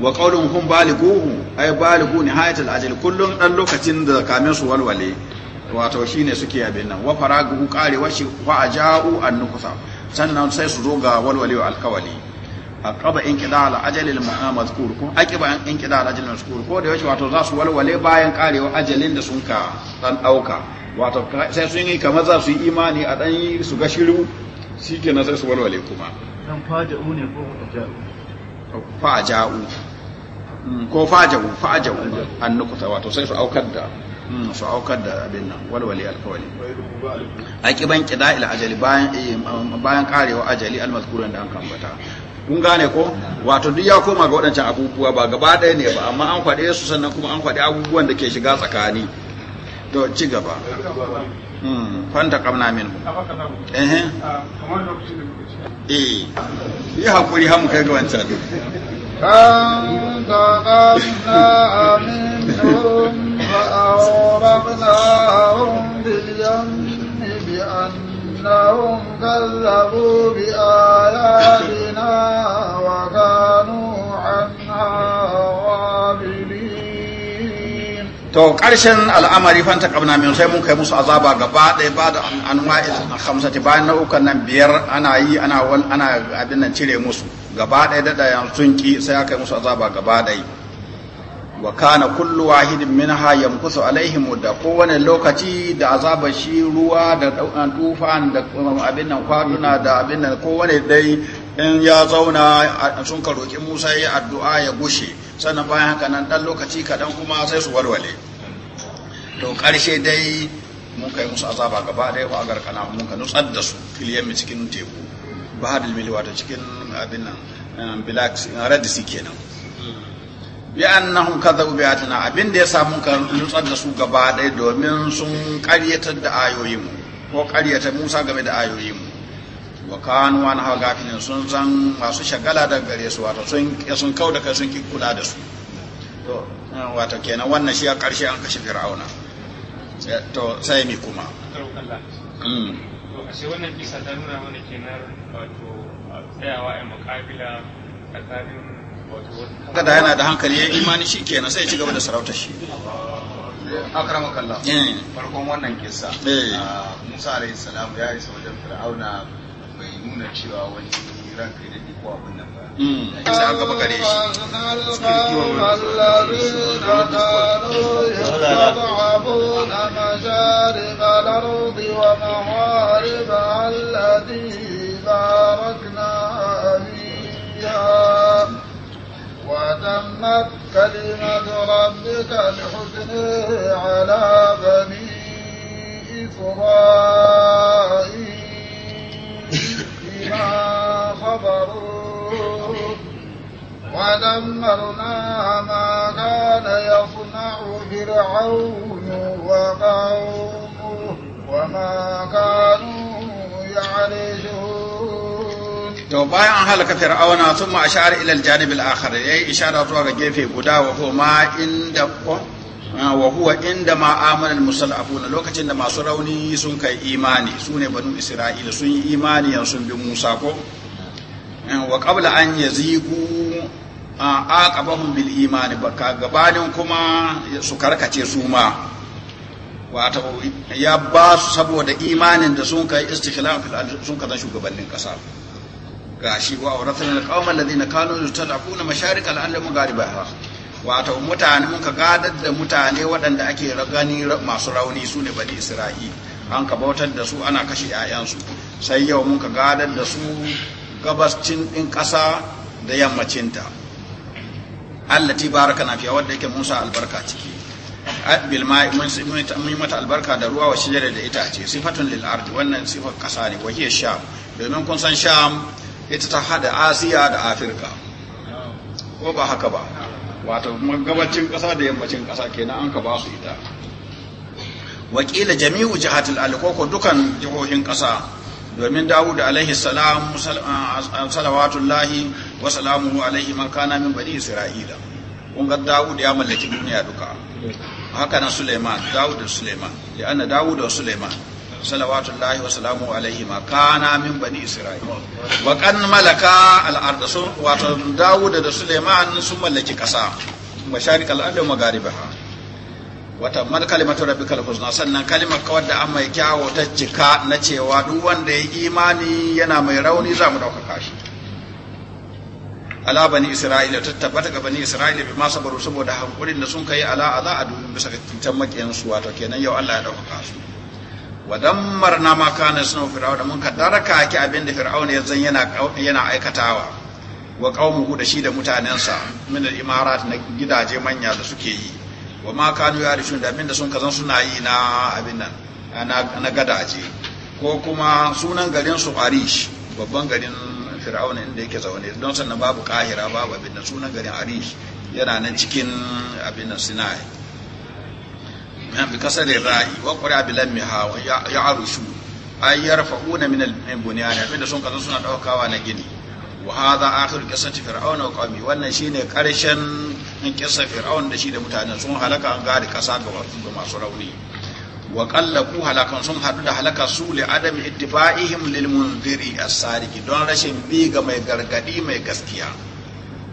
wa qaulun hum balighuhu ay balighu nihayatul ajal kullun dan lokacin da kamin su walwale wato shine suke abin nan wa faragu qarewa shi wa ajau an nukusa sannan sai su zo ga walwale alkawali aqaba inqida ala ajalil al ah, mazkur ko aqiba inqida ajalil ajal mazkur ko da yace wato za su walwale bayan karewa ajalin da sun ka dan dauka wato sai sun yi kamar za su yi imani a dan su ga shiru shikenan sai su walwale kuma dan faja'u ne ko faja'u faja'u mm, ko faja'u faja'u an nukuta wato sai su aukar da mm, su aukar da abin nan walwale alkawali aqiban qida ila ajali bayan eh, bayan karewa ajali almazkuran da an kambata kun gane ko wato duk ya koma ga waɗancan abubuwa ba gaba ɗaya ne ba amma an faɗe su sannan kuma an faɗi abubuwan da ke shiga tsakani to ci gaba kwanta hmm, kamna min eh eh yi hakuri har mu kai ga wancan فانتقمنا منهم فأورقناهم إنهم كذبوا بآياتنا وكانوا عنها to ƙarshen al'amari fanta ƙabna min sai mun kai musu azaba gaba ɗaya ba da anwa'i hamsati bayan nau'ukan nan biyar ana yi ana ana abin nan cire musu gaba ɗaya da sun ki sai aka yi musu azaba gaba ɗaya wa kana kullu wahidin minha yamkusu alaihim da kowane lokaci da azaba shi ruwa da tufan da abin nan kwaduna da abin nan kowane dai in ya zauna sun karoki Musa ya addu'a ya gushe sannan bayan haka nan dan lokaci kadan kuma sai su warware to karshe dai mun kai musu azaba gaba dai ga kana mun ka nutsar da su filiyan cikin teku hadil miliwa ta cikin abin nan eh, bilax radisi kenan bi annahum kadzabu bi atina abin da ya samu ka nutsar da su gaba dai domin sun ƙaryatar da ayoyin ko ƙaryata Musa game da ayoyin wa kanu an ha gafilin sun zan masu shagala daga gare su wato sun sun da kai sun ki kula da su to wato kenan wannan shi a ƙarshe an kashe fir'auna to sai mi kuma mm to ashe wannan bisa da nuna mana kenan wato tsayawa a muƙabila tsakanin kada yana da hankali ya imani shi kenan sai ya ci gaba da sarauta shi akrama kallah eh. farkon wannan kisa eh. ah, musa alayhi salam ya isa wajen fir'auna bai nuna cewa wani ranka da ko abin nan ba hmm. sai an gaba gare shi الذين وتمت كلمة ربك بحسنه على بني إسرائيل بما خبروا ودمرنا ما كان يصنع فرعون وقومه وما كانوا يعرشون to bayan an halaka fir'auna sun ma ashara ilal aljanib al-akhar yayi ishara zuwa ga gefe guda wa huwa ma inda ah, wa huwa inda ma amana al-musallafuna lokacin da masu rauni sun kai imani sune banu isra'ila sun yi imani yan sun bi musa ko ah, wa qabla an yazigu ah, aqabahum bil imani baka gabanin kuma su karkace su ma wato ya ba su saboda imanin da sun kai istikhlal sun kaza shugabannin kasa gashi wa auratan alqauman ladina kanu yutalafuna masharik al-ardi magharibaha wato mutane mun ka gadar da mutane waɗanda ake ragani masu rauni su ne bani isra'i an ka bautar da su ana kashe 'ya'yansu sai yau mun ka gadar da su gabascin ɗin ƙasa da yammacin ta Allah ti baraka na fiya wadda yake musa albarka ciki bil ma'i mun yi mata albarka da ruwa wa shijara da ita ce sifatun lil ardi wannan sifar kasa ne wa hiya sham domin kun san sham ita ta hada asiya da afirka ko ba haka ba wato gabacin ƙasa da yammacin ƙasa kenan an ka ba su ita wakila jami'u jihatul alkoko dukan jihohin ƙasa domin dawud alaihi salam salawatullahi wa salamu alaihi man kana min bani isra'ila kun ga dawud ya mallaki duniya duka haka na suleiman dawud da suleiman li anna dawud wa suleiman salawatullahi wa salamu alaihi ma kana bani isra'il wa malaka al sun wato dawud da suleiman sun mallaki kasa masharik al-ard wa magharibaha wata mal kalimatu rabbikal husna sannan kalimar kawar da an mai kyawo ta jika na cewa duk wanda ya imani yana mai rauni za mu ɗaukaka shi ala bani isra'ila ta tabbata ga bani isra'ila bi ma sabaru saboda hankulin da sun kai ala aza a dubin bisa ga cutar wato kenan yau Allah ya ɗaukaka su wa na ma suna sunu fir'auna mun kaddaraka haki abin da fir'auna yanzu yana yana aikatawa wa qaumuhu da shi da mutanensa min al na gidaje manya da suke yi wa ma ya yarishun da abin da sun kazan suna yi na abin nan na gadaje ko kuma sunan garin su arish babban garin fir'auna inda yake zaune don sannan babu kahira babu abin nan sunan garin arish yana nan cikin abin nan sinai bi kasar ra'i wa qura bi lamha wa ya'rushu ay yarfa'una min al-bunyan abinda sun kaza suna ɗaukawa na gini wa hadha akhiru qissati fir'auna wa qaumi wannan shine karshen kissa fir'aun da shi da mutanen sun halaka an gari kasa ga masu rauni wa qallaku halakan sun hadu da halaka su li adam ittifa'ihim lil munziri as-sadiq don rashin bi ga mai gargadi mai gaskiya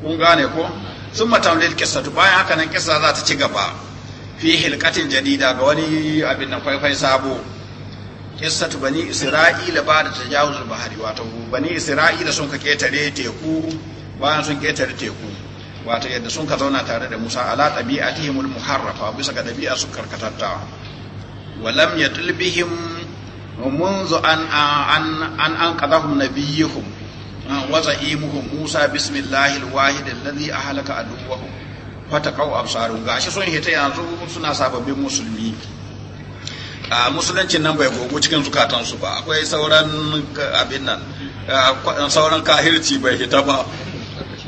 kun gane ko sun matamlil qissatu bayan haka nan kissa za ta ci gaba fi hilkatin jadida ga wani abin nan faifai sabo Kissatu, bani isra'ila ba da tajawuzul bahari wato bani isra'ila sun ka ketare teku bayan sun ketare teku wato yadda sun ka zauna tare da Musa ala tabi'atihimul muharrafa bisa ga dabi'a su karkatatta walam yatul bihim منذ أن An أن أنقذهم نبيهم وزعيمهم موسى بسم الله الواحد الذي أهلك عدوهم fata kawo absaru gashi sun hita yanzu suna sababbin musulmi a musuluncin nan bai gogo cikin zukatansu ba akwai sauran abin nan sauran kahirci bai hita ba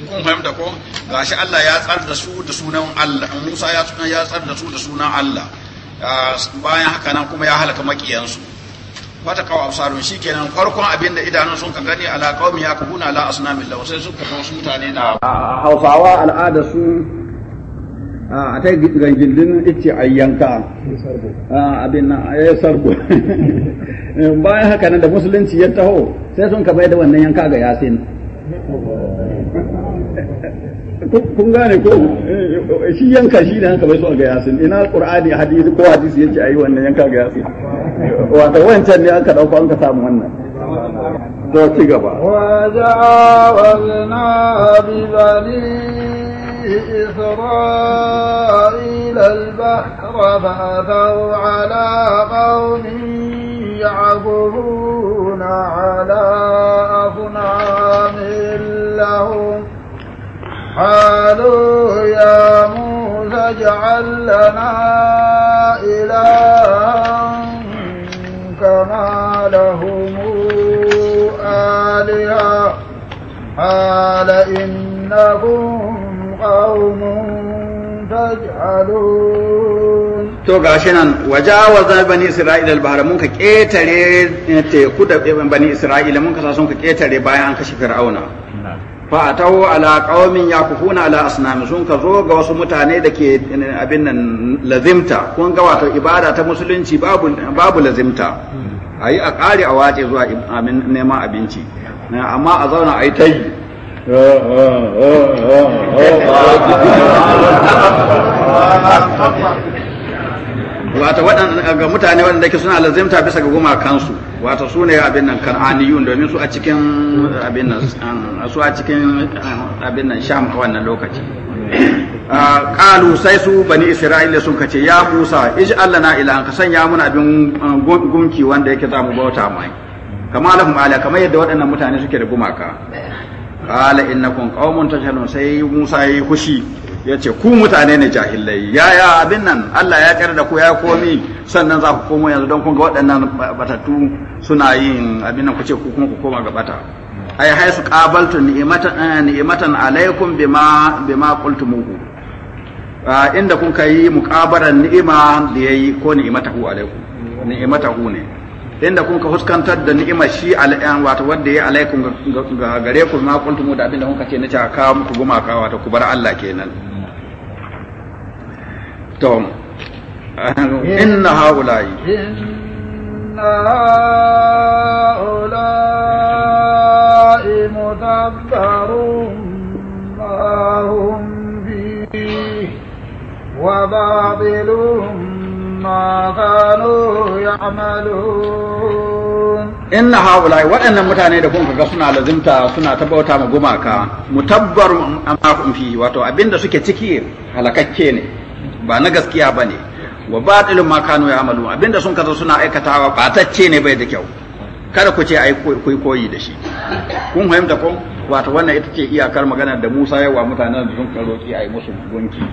kun fahimta ko gashi Allah ya tsar da su da sunan Allah Musa ya ya tsar da su da sunan Allah bayan haka nan kuma ya halaka makiyansu wata kawo absarun kenan farkon abin da idanun sun ka gani ala ya yakuna la asnamin lahu sai suka kawo su mutane na hausawa al'ada su a ah, ta yi gangindin ice a yanka ah, abin nan ya eh, sarbo bayan haka nan da musulunci ya taho sai sun ka bai da wannan yanka ga yasin kun gane ko eh, shi yanka shi ne haka bai so ga yasin ina qur'ani hadisi ko hadisi yace ayi wannan yanka ga yasin wato wancan ne aka dauko an ka samu wannan to ci gaba wa ja'alna bi bani به إسرائيل البحر فأتوا على قوم يعبدون على أصنام لهم قالوا يا موسى اجعل لنا إلها كما لهم آلهة قال إنكم قوم تجعلون to gashi nan wajawaza bani isra'ila al mun ka ƙetare teku da bani isra'ila mun ka sun ka ketare bayan an kashe fir'auna fa atawu ala qaumin yakufuna ala asnam sun ka zo ga wasu mutane da ke abin nan lazimta kun ga wato ibada ta musulunci babu lazimta. lazimta hmm. ayi a ƙari a wace zuwa neman abinci amma a zauna ayi yi. wata waɗanda ga mutane waɗanda ke suna lazimta bisa ga kansu wata su ne abin nan kan'aniyun domin su a cikin abin nan su a cikin abin nan sham a wannan lokaci Kalu ah, sai su bani isra'ila sun kace ya musa allana ila an kasan sanya mun abin gunki wanda yake za mu bauta mai kama lahum kamar yadda waɗannan mutane suke da gumaka qala innakum qaumun tajhalun sai Musa yayi kushi yace ku mutane ne jahilai yaya abin nan Allah ya kare da ku ya komi sannan za ku komo yanzu don kun ga waɗannan batatu suna yin abin nan ku ce ku kuma ku koma ga bata ay haisu qabaltu ni'matan eh, ni'matan alaikum bima bima qultumuhu ah, inda kun kai muqabaran ni'ima da yayi ko ni'matahu alaikum ni'matahu ne inda kun ka huskantar da ni'ima shi al'an eh, wato wanda ya alaikum ga gare ku ma kuntum da abinda kun ka ce nace ka muku gumaka wato ku Allah kenan to eh. inna haulai inna haulai mutabbarun ma hum bi wa babilun ما كانوا يعملون إن هؤلاء وأن متاني دكون كغسنا لزمتا سنة تبوتا مغماكا متبر أماكم فيه واتو أبين دا سكي تكير على كتيني بانا غسكي أباني وباطل ما كانوا يعملون أبين دا سنة سنة أكتاوا باتتيني بيدكيو kada ku ce ai kuyi koyi da shi kun fahimta ko wato wannan ita ce iyakar magana da Musa yawa mutanen da sun karoki ai musu gunki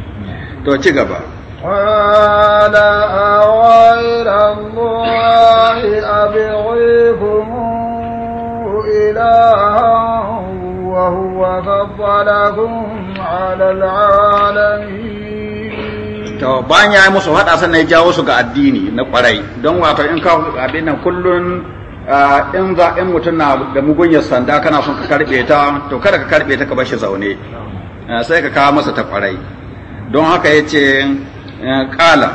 to ci gaba قال أغير الله أبغيكم إلها وهو فضلكم على العالمين to bayan ya yi musu faɗa sannan ya jawo su ga addini na kwarai don wato in ka abin nan kullun in za in mutum na da mugun mugunyar sanda kana son ka karbe ta to kada ka karɓe ta ka bar zaune sai ka kawo masa ta kwarai don haka ya ce. Eh, kala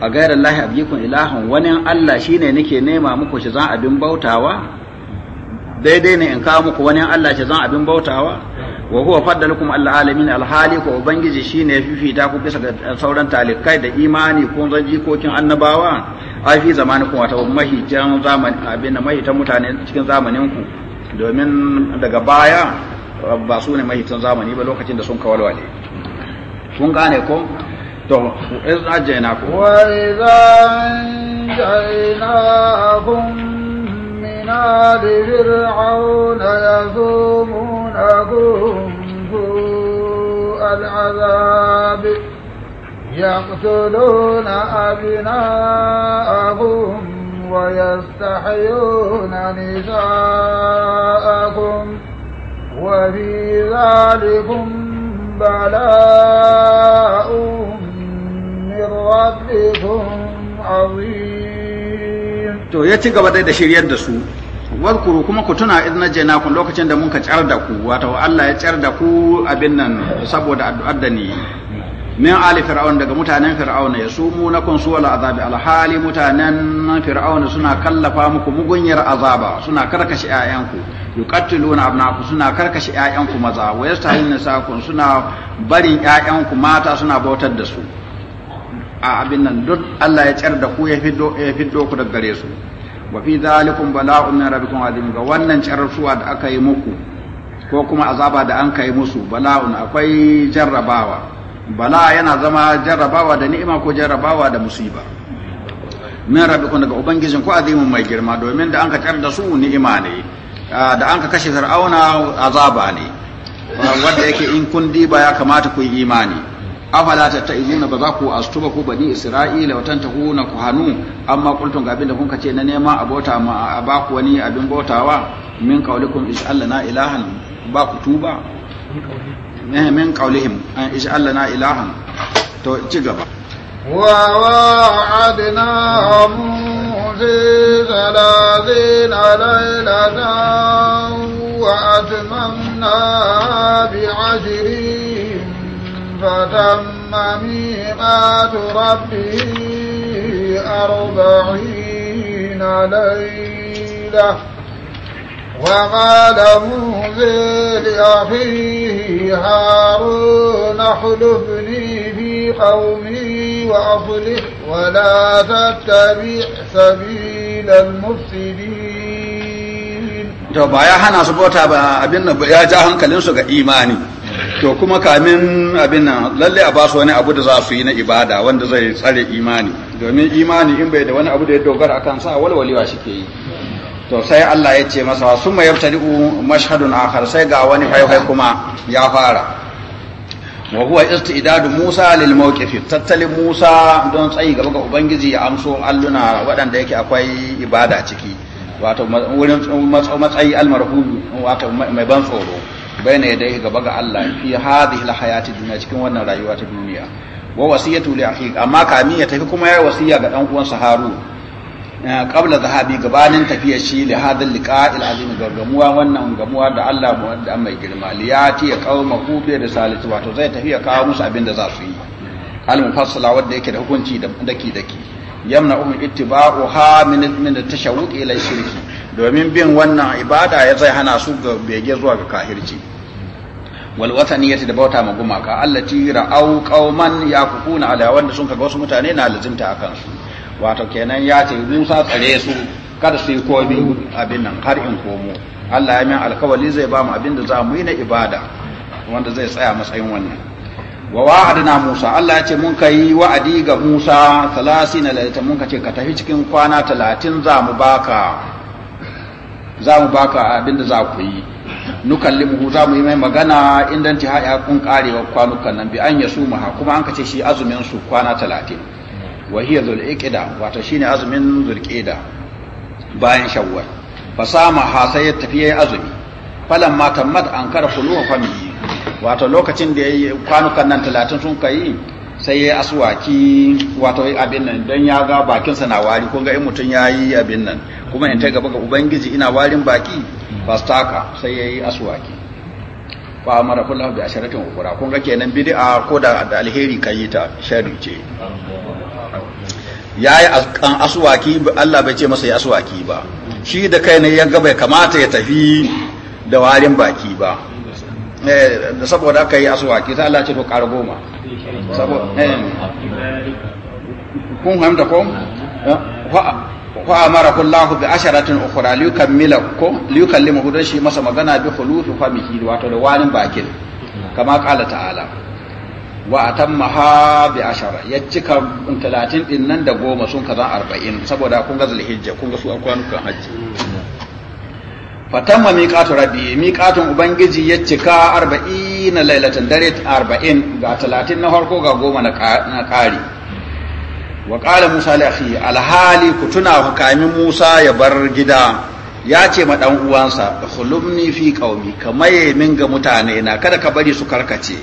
a gairar lahi abikun ilahun wani Allah ne nake nema muku shi zan abin bautawa daidai ne in kawo muku wani Allah shi zan abin bautawa wa huwa faddalukum Allah alamin ko hali ko ubangiji shine fifita ku bisa ga sauran talikai da imani ko zan jikokin annabawa a fi zamanikum wata mahijan zamani abin da mutane cikin zamanin ku domin daga baya ba su ne mahitan zamani ba lokacin da sun kawalwale kun gane ko to iz ajaynakum wa idza ajaynakum من آل فرعون يسومونكم سوء العذاب يقتلون أبناءهم ويستحيون نساءكم وفي ذلكم بلاء ربكم عظيم تو gaba غبا da shiryar da su wadkuru kuma ku tuna idna ku lokacin da mun ka tsar da ku wato Allah ya tsar da ku abin nan saboda addu'ar da ni min ali fir'aun daga mutanen Fir'aun ya sumu na kun wala azabi alhali mutanen Fir'aun suna kallafa muku mugunyar azaba suna karkashe ƴaƴanku yuqattiluna abnaku suna karkashe 'ya'yanku maza wa yastahilna sakun suna barin 'ya'yanku mata suna bautar da su a abin nan duk Allah ya tsar da ku ya fiddo ya fiddo ku daga gare su wa fi zalikum bala'un min rabbikum azim ga wannan suwa da aka yi muku ko kuma azaba da an kai musu bala'un akwai jarrabawa bala yana zama jarrabawa da ni'ima ko jarrabawa da musiba min rabbikum daga ubangijin ku azimin mai girma domin da an ka tsar da su ni'ima ne da an ka kashe fir'auna azaba ne wanda yake in kun diba ya kamata ku yi imani afala tattaizuna ba za ku astuba ku bani isra'ila watan ta huna ku hanu amma kultun ga da kuka ce na nema abota ma a ba ku wani abin bautawa min qaulikum na ilahan ba ku tuba eh, min qaulihim eh, na ilahan to ci gaba wa wa'adna موسى ثلاثين ليلة وأتممنا بعشرين فتم ميقات ربه أربعين ليلة وقال موسى لأخيه هارون احلفني في قومي وأصلح ولا تتبع سبيل المفسدين. To ba ya hana su bota ba abin nan ya ja hankalinsu ga imani. to kuma kamin abin nan lalle a basu wani abu da za su yi na ibada wanda zai tsare imani domin imani in bai da wani abu da ya dogara kan sa walwalewa shike yi to sai Allah ya ce masa sun mai yabtadi'u mashhadun akhar sai ga wani haihai kuma ya fara wa huwa idadu Musa lil tattalin Musa don tsayi gaba ga ubangiji ya amso alluna waɗanda yake akwai ibada ciki wato wurin matsayi almarhu wato mai ban tsoro Baina ya yadayhi gaba ga Allah fi hadhihi alhayati duniya cikin wannan rayuwa ta duniya wa wasiyatu li akhi amma kamin ya tafi kuma yayi wasiya ga dan uwansa Harun qabla zahabi gabanin tafiya shi li hadhal liqa'il ga gamuwa wannan gamuwa da Allah wanda mai girma liyati ya qauma kube da salatu wato zai tafi ya kawo musu abin da za su yi al mufassala wanda yake da hukunci da daki daki yamna um ha min min tashawuq ila shirki domin bin wannan ibada ya zai hana su ga bege zuwa ga kahirci wal wataniyati da bauta ma gumaka allati ra'au qauman yakufuna ala wanda sun kaga wasu mutane na lazimta akan su wato kenan ya ce Musa tsare su kada su yi bi abin nan har in komo Allah ya min alkawali zai ba mu abin da za mu yi na ibada wanda zai tsaya matsayin wannan wa wa'adna Musa Allah ya ce mun kai wa'adi ga Musa 30 laita mun ka ce ka tafi cikin kwana 30 za mu baka za mu baka abin da za ku yi nukallimuhu za mu yi mai magana indan ta haya kun karewa kwanukan nan bi an ya su maha kuma an kace shi azumin su kwana talatin wa hiya zulqida wato shine azumin zulqida bayan shawwal sama ha sai ya tafi yayin azumi falan ma tammat an kar kulu wa fami wato lokacin da yayi kwanukan nan talatin sun kai sai ya aswaki wato abin nan don ya ga bakinsa na wari ko ga in mutum ya yi abin nan kuma in ta gaba ga ubangiji ina warin baki fastaka sai ya yi aswaki fa amara kullahu bi asharatin ukura kun ga kenan bid'a ko da alheri kai ta sharri ce yayi an aswaki Allah bai ce masa ya aswaki ba shi da kai ne ya ga bai kamata ya tafi da warin baki ba eh, saboda kai yi aswaki sai Allah ce to ƙara goma Eh. sabo kun fahimta ko fa amara kullahu bi asharatin ukhra li yukammila ko li yukallimahu dan shi masa magana bi khulufi famihi wato da wanin bakin kama qala ta'ala wa atammaha bi ashara ya cika 30 din nan da goma sun kaza 40 saboda kun ga zulhijja kun ga su kan hajji fatamma miqatu rabbi miqatun ubangiji ya cika arba'in lailatan dare 40 ga talatin na farko ga goma na ƙari wa qala musa li akhi alhali kutuna hukamin musa ya bar gida ya ce ma dan uwansa khulumni fi qaumi kamaye min ga mutane na kada ka bari su karkace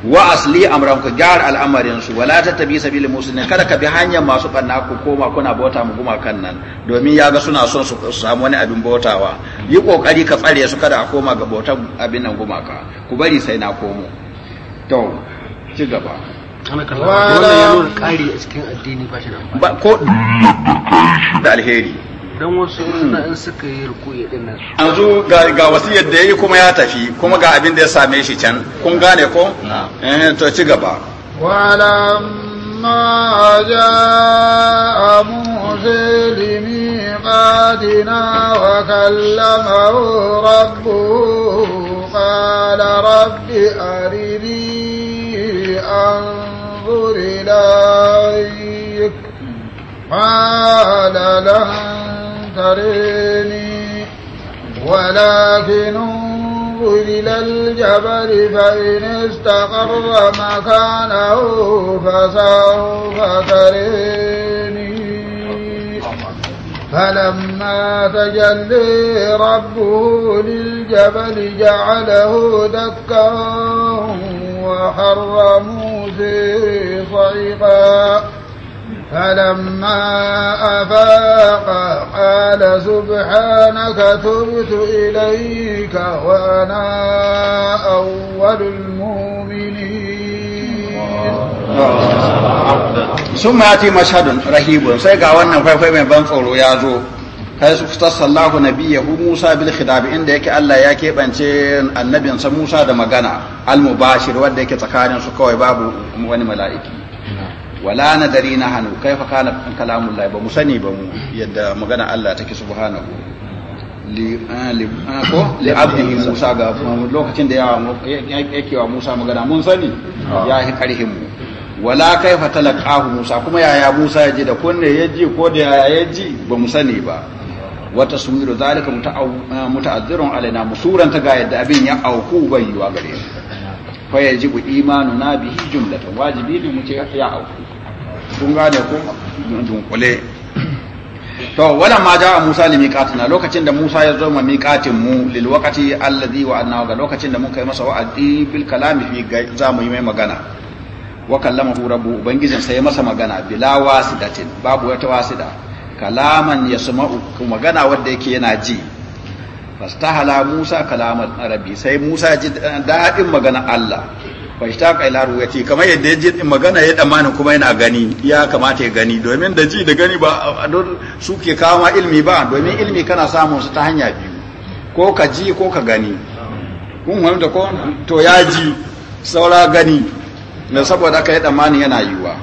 wa asli amran ku gyara al'amarin su wala ta tabi sabil kada ka bi hanyar masu banna ku koma kuna bauta mu guma kan nan domin ya ga suna son su samu wani abin bautawa yi kokari ka tsare su kada a koma ga bautar abin nan ka ku bari sai na komo to ci gaba wannan yana kare cikin addini ba shi da alheri dan wasu suna in suka yi rukuyi din nan yanzu ga wasiyar da yayi kuma ya tafi kuma ga abin da ya same shi can kun gane ko eh to ci gaba ja jaa zalimi qadina wa kallama rabbu qala rabbi arini anzur ilayk قال لن تريني ولكن انظر إلى الجبل فإن استقر مكانه فسوف تريني فلما تجلي ربه للجبل جعله دكا وحر موسي صيقا فلما أفاق قال سبحانك تبت إليك وأنا أول المؤمنين ثم يأتي مشهد رهيب سيقع وانا فايفاي من بنفور ويازو kai su tassallahu nabiyahu Musa bil khidab inda yake Allah ya keɓance annabinsa Musa da magana al mubashir wanda yake tsakanin su kawai babu wani mala'iki wala nadari na hannu kai fa kana kalamun lai ba mu sani ba mu yadda magana Allah take subhanahu li ah, ah, ko li abdihi Musa ga lokacin da yawa yake wa Musa magana mun sani ya hi karhim mu wala kai fa talaqahu Musa kuma yaya Musa ya ji da kunne ya ji ko da yaya ya ji ba mu sani ba wata sumiru zalika ah, muta'azzirun alaina musuran ta ga yadda abin ya auku bai yiwa gare mu na yajibu imanuna bihi jumlatan wajibi bi mu ce ya auku kun gane ko dunkule to wala ma ja Musa li miqatina lokacin da Musa ya zo ma miqatin mu lil waqti alladhi wa anna ga lokacin da mun kai masa wa'adi bil kalami fi za mu yi mai magana wa kallamahu rabbu ubangijin sai masa magana bila wasidatin babu wata wasida kalaman yasma'u magana wanda yake yana ji fastahala Musa kalamar Arabi sai Musa ji daɗin magana Allah fashta kailaru ya ce kamar yadda ya ji magana ya tsammanin kuma yana gani ya kamata ya gani domin da ji da gani ba su ke kawo ma ilmi ba domin ilmi kana samun su ta hanya biyu ko ka ji ko ka gani kun wani da ko to ya ji saura gani na saboda ka yi tsammanin yana yiwa.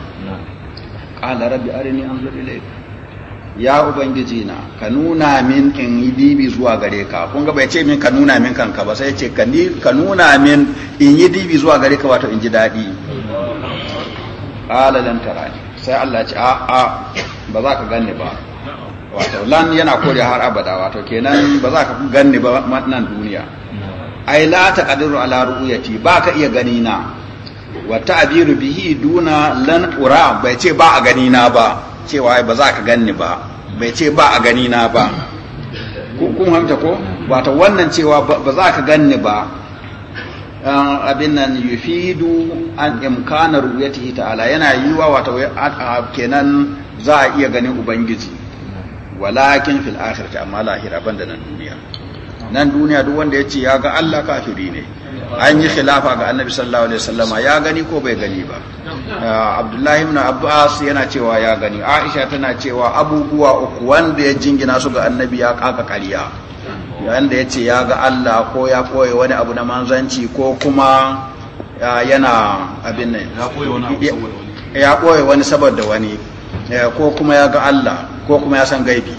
ya ubangiji na ka nuna min in yi dibi zuwa gare ka kun ga bai ce min ka nuna min kanka ba sai ce ka nuna min in yi dibi zuwa gare ka wato in ji daɗi ala tara ne sai Allah ce a a ba za ka ganni ba wato lan yana kore har abada wato kenan ba za ka ganni ba nan duniya ai la taqdiru ala ru'yati ba ka iya gani na wa ta'biru bihi duna lan ura bai ce ba a gani na ba cewa ba za ka ganni ba bai ce ba a gani na ba kun hamta ko wata wannan cewa ba za ka ganni ba abin nan yufidu an imkanar ruwayatihi ta'ala yana yiwa wata kenan za a iya ganin ubangiji walakin fil akhirati amma lahira banda nan duniya nan duniya duk wanda ya ce ya ga Allah kafiri ne an yi khilafa ga annabi sallallahu alaihi wasallama ya gani ko bai gani ba ah, abdullahi ibn abbas yana cewa ya gani aisha tana cewa abubuwa uku wanda ya jingina su ga annabi ya kaka kariya wanda ya ce ya ga Allah ko ya koyi wani abu na manzanci ko kuma yana abin ne ya koyi wani saboda wani ko kuma ya ga Allah ko kuma ya san gaibi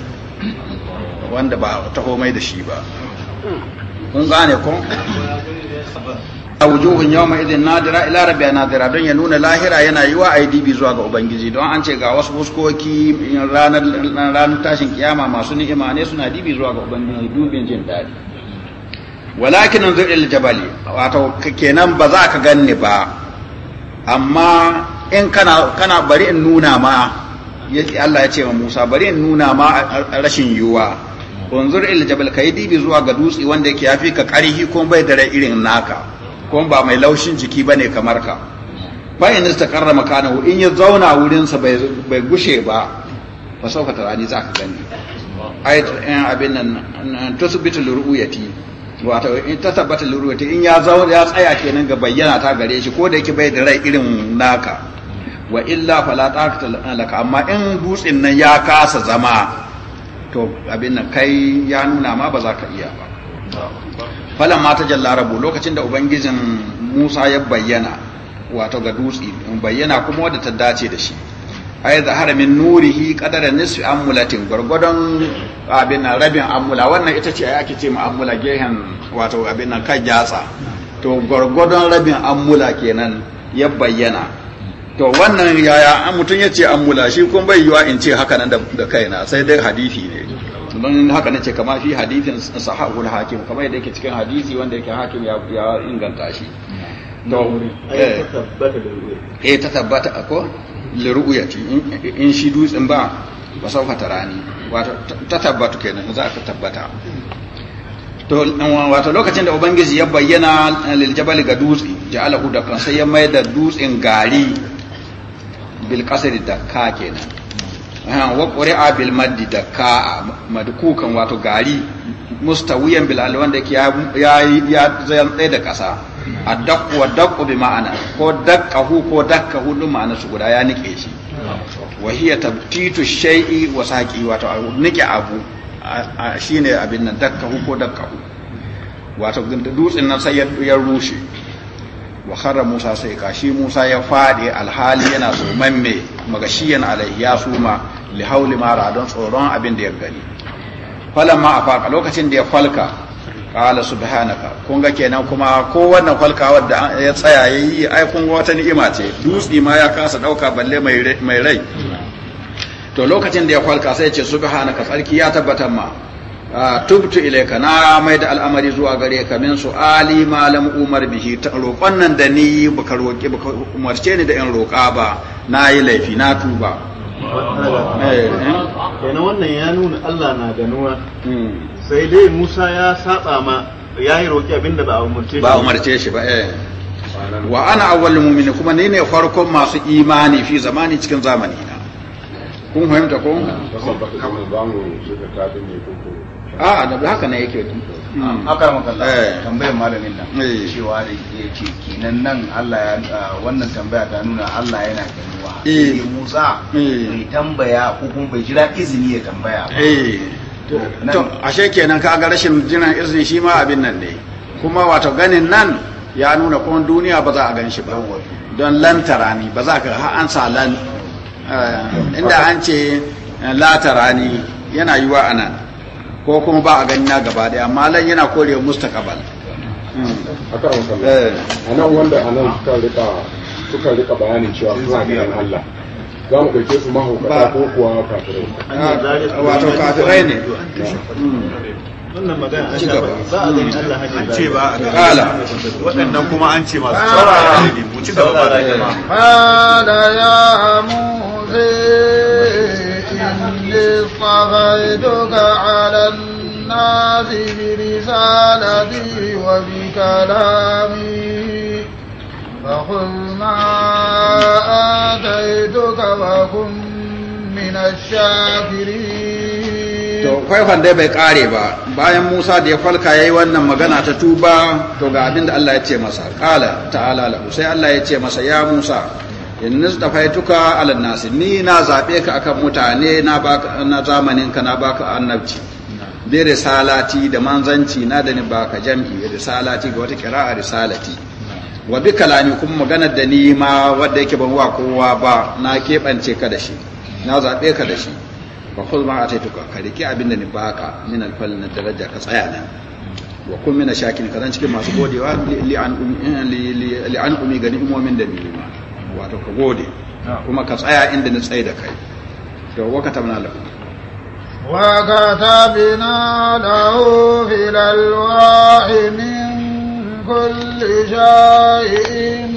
wanda ba ta komai da shi ba kun gane kun a wujuhun mai idin nadira ila rabbiya nadira don ya nuna lahira yana yi wa IDB zuwa ga ubangiji don an ce ga wasu fuskoki ranar tashin kiyama masu ni'ima ne suna dibi zuwa ga ubangiji dubin jin daɗi walakin nan zuɗin jabali wato kenan ba za ka ganni ba amma in kana kana bari in nuna ma Allah ya ce wa Musa bari in nuna ma rashin yiwuwa wanzur il jabal kai dibi zuwa ga dutse wanda yake yafi ka karihi ko bai da rai irin naka ko ba mai laushin jiki bane kamar ka fa in istaqarra makanahu in ya zauna wurin sa bai bai gushe ba fa sauka tarani za ka gani ayat in eh, abin nan eh, tusbitu liruyati wato in ta tabbata liruyati in ya zauna ya tsaya kenan ga bayyana ta gare shi ko da yake bai da rai irin naka wa illa fala taqata laka amma in dutsin nan ya kasa zama to abin nan kai ya nuna ma ba za ka iya ba falan mata jallarabu lokacin da ubangijin musa ya bayyana wato ga dutse bayyana kuma wadda ta dace da shi ai da haramin nurihi kadara nisfi amulatin gwargwadon abin nan rabin amula wannan ita ce ake ce ma amula gehen wato abin nan kan yatsa to gwargwadon rabin amula kenan ya bayyana to wannan yaya an mutum ya ce an mula shi kun bai yiwa in ce haka nan da kaina sai dai hadisi ne don haka nace kama fi hadithin sahabul hakim kamar yadda yake cikin hadisi wanda yake hakim ya inganta shi to eh. eh ta tabbata ko li in shi dutsin ba ba sauka tarani wato ta tabbatu kenan za ka tabbata to wato lokacin da ubangiji ya bayyana lil jabal ga dutse ja'alahu da kan sai ya mai da dutsin gari bil da dakka kenan wa quri'a bil maddi dakka madkukan wato gari mustawiyan bil alwan da ya ya zayan tsaye da kasa addaq wa daqu bi ma'ana ko daqqahu ko dakkahu dun ma'ana su guda ya nike shi wa hiya tabtitu shay'i wa saqi wato nike abu shine abin nan dakkahu ko dakkahu wato dutsen nan sai ya rushe wa kharra Musa sai kashi Musa ya fadi alhali yana tsoman me magashiyan alaihi ya suma li hauli mara don tsoron abin da ya gani falamma afaka lokacin da ya falka qala subhanaka kun ga kenan kuma ko wannan falka da ya tsaya yayi ai kun ga wata ni'ima ce dutsi ma ya kasa dauka balle mai mai rai to lokacin da ya falka sai ya ce subhanaka tsarki ya tabbatar ma tubtu ilaika na mai da al'amari zuwa gare ka min ali malam umar bihi ta roƙon nan da ni baka roƙi baka umarce ni da in roƙa ba na yi laifi na tuba kenan wannan ya nuna Allah na ganuwa sai dai Musa ya saba ma ya yi roƙi abinda ba a umarce shi ba umarce shi ba eh wa ana awwalul mu'mini kuma ni ne farkon masu imani fi zamani cikin zamani na kun fahimta ko ba mu suka tafi ne ko A'a da haka ne yake hmm. haka makalla eh. tambayar malamin nan eh. cewa da ya ce kenan nan Allah ya wannan tambaya ta nuna Allah yana ganuwa eh Musa Mai eh. tambaya ko kuma bai jira izini ya tambaya ba to ashe kenan ka ga rashin jiran izini shi ma abin nan ne kuma wato ganin nan ya nuna kuma duniya ba za a gan shi ba don lantara ni ba za ka ha an sa lan inda an ce ni yana yiwa anan ko kuma ba a gani na gaba daya lan yana kore mustaqbal hmm. haka eh. a nan wanda a nan suka rika suka rika bayanin cewa suna ganin Allah za mu ɗauke su mahaukata ko kuwa kafirai ah, wato kafirai ne wannan magana an ba a hmm. ce ba a kala waɗannan kuma an ce masu tsara ah. ne mu ci gaba ba da eh. ya اصطفيتك على الناس برسالتي وبكلامي فخذ ما آتيتك وكن من الشاكرين to fa dai bai kare ba bayan Musa da ya falka yayi wannan magana ta tuba to ga abin da Allah ya ce masa qala ta'ala lahu sai Allah ya ce masa ya Musa in nistafaituka ala ni na zabe ka akan mutane na baka na zamanin ka na baka annabci bi risalati da manzanci na da ni baka jam'i risalati ga wata kira'a risalati wa bi kalami kuma magana da ni ma wanda yake ban wa kowa ba na keɓance ka da shi na zaɓe ka da shi ba kul ma ataituka ka riki abinda ni baka min alfal na daraja ka tsaya nan wa kun mina shakin ka zan cikin masu godewa li an umi ga ni'imomin da ni wato ka gode kuma ka tsaya inda na tsaye da kai to waka tabna lahu wa katabna da fil alwahi min kulli shay'in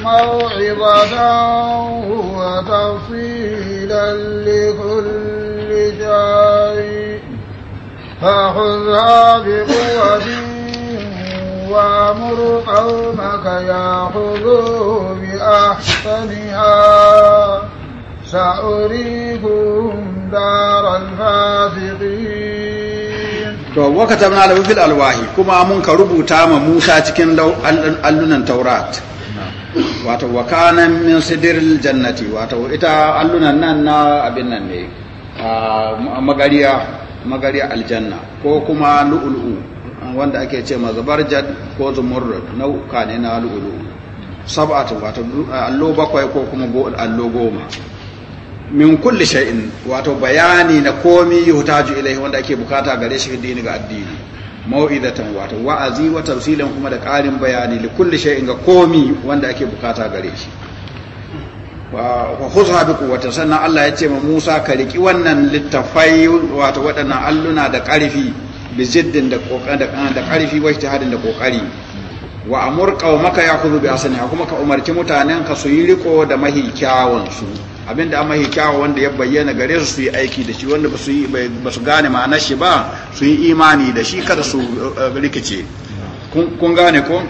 maw'izatan wa tafsilan li kulli shay'in فخذها بقوة وامر قومك ياخذوه بأحسنها سأريكم دار الفاسقين to wakatabna lahu fil alwahi kuma mun ka rubuta ma Musa cikin allunan Taurat wato wakana min sidiril jannati wato ita allunan nan na abin nan ne A magariya magariya aljanna ko kuma lu'lu'u wanda ake ce jad ko zumurrud nau'uka ne na al'ulu sab'atu wato eh, allo bakwai ko kuma allo goma min kulli shay'in wato bayani na komi yuhtaju ilaihi wanda ake bukata gare shi din ga addini mau'izatan wato wa'azi wa tafsilan kuma da ƙarin bayani li kulli shay'in ga komi wanda ake bukata gare shi wa khudha bi quwwati sannan Allah ya ce ma Musa ka riki wannan littafai wato waɗannan alluna da ƙarfi bi jiddin ah, da ƙarfi wa ijtihadin da ƙoƙari wa amur qaumaka ya'khudhu bi asaniha kuma ka umarci mutanen ka su yi riko da mahi kyawun su abinda an mahi kyawun wanda ya bayyana gare su su yi aiki da shi wanda ba su ba su gane ma'anar shi ba su yi imani da shi kada su eh, eh, rikice kun gane ko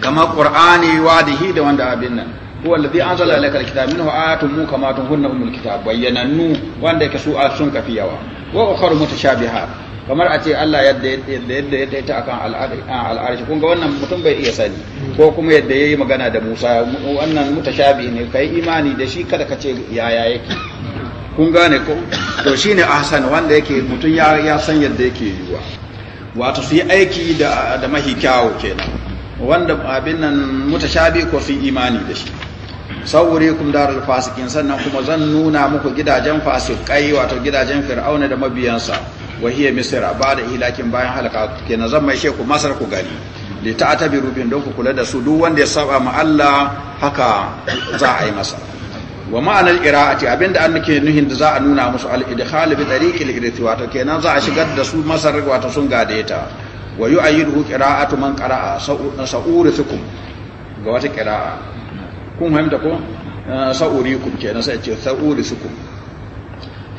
kama qur'ani wadihi da wanda abin nan huwa alladhi anzala alayka alkitaba minhu ayatun mukamatun hunna umul kitab bayyanannu wanda yake su ah, sun kafiyawa wa ukhra mutashabihat kamar a ce Allah yadda yadda yadda taita akan al'arshi kun ga wannan mutum bai iya sani ko kuma yadda yayi magana da Musa wannan mutashabi ne kai imani da shi kada ka ce yaya yake kun gane ko to shine ahsan wanda yake mutum ya san yadda yake yiwa wato su yi aiki da da mahi kyawu kenan wanda abin nan mutashabi ko su imani da shi saurikum darar fasikin sannan kuma zan nuna muku gidajen fasikai wato gidajen fir'auna da mabiyansa wa hiya ba ba'da ihilakin bayan halaka kenan zan mai sheku masar ku gani li bi bin don ku kula da su duk wanda ya saba ma Allah haka za a yi masa wa ma'anar ce abinda an nake nuhin da za a nuna musu al-idkhal bi tariqil irthi wato kenan za a shigar da su masar wato sun gade ta wa a qira'atu man qara'a sa'urikum ga wata qira'a kun fahimta ko eh, sa'urikum kenan sai ce sa'urikum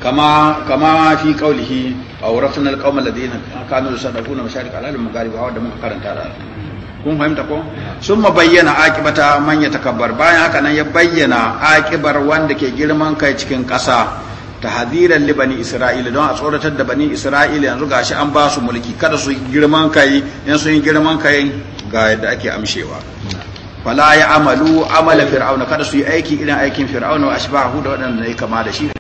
kama kama fi qawlihi awratna alqawma alladhina kanu yusaddiquna masharik al-ardi magharibi wa da muka karanta kun fahimta ko summa bayyana aqibata man yatakabbar bayan haka nan ya bayyana aqibar wanda ke girman kai cikin ƙasa ta li bani isra'ila don a tsoratar da bani isra'ila yanzu gashi an ba su mulki kada su girman kai in sun yi girman kai ga yadda ake amshewa fala ya amalu amala fir'auna kada su yi aiki irin aikin fir'auna wa ashbahu da waɗanda ya kama da shi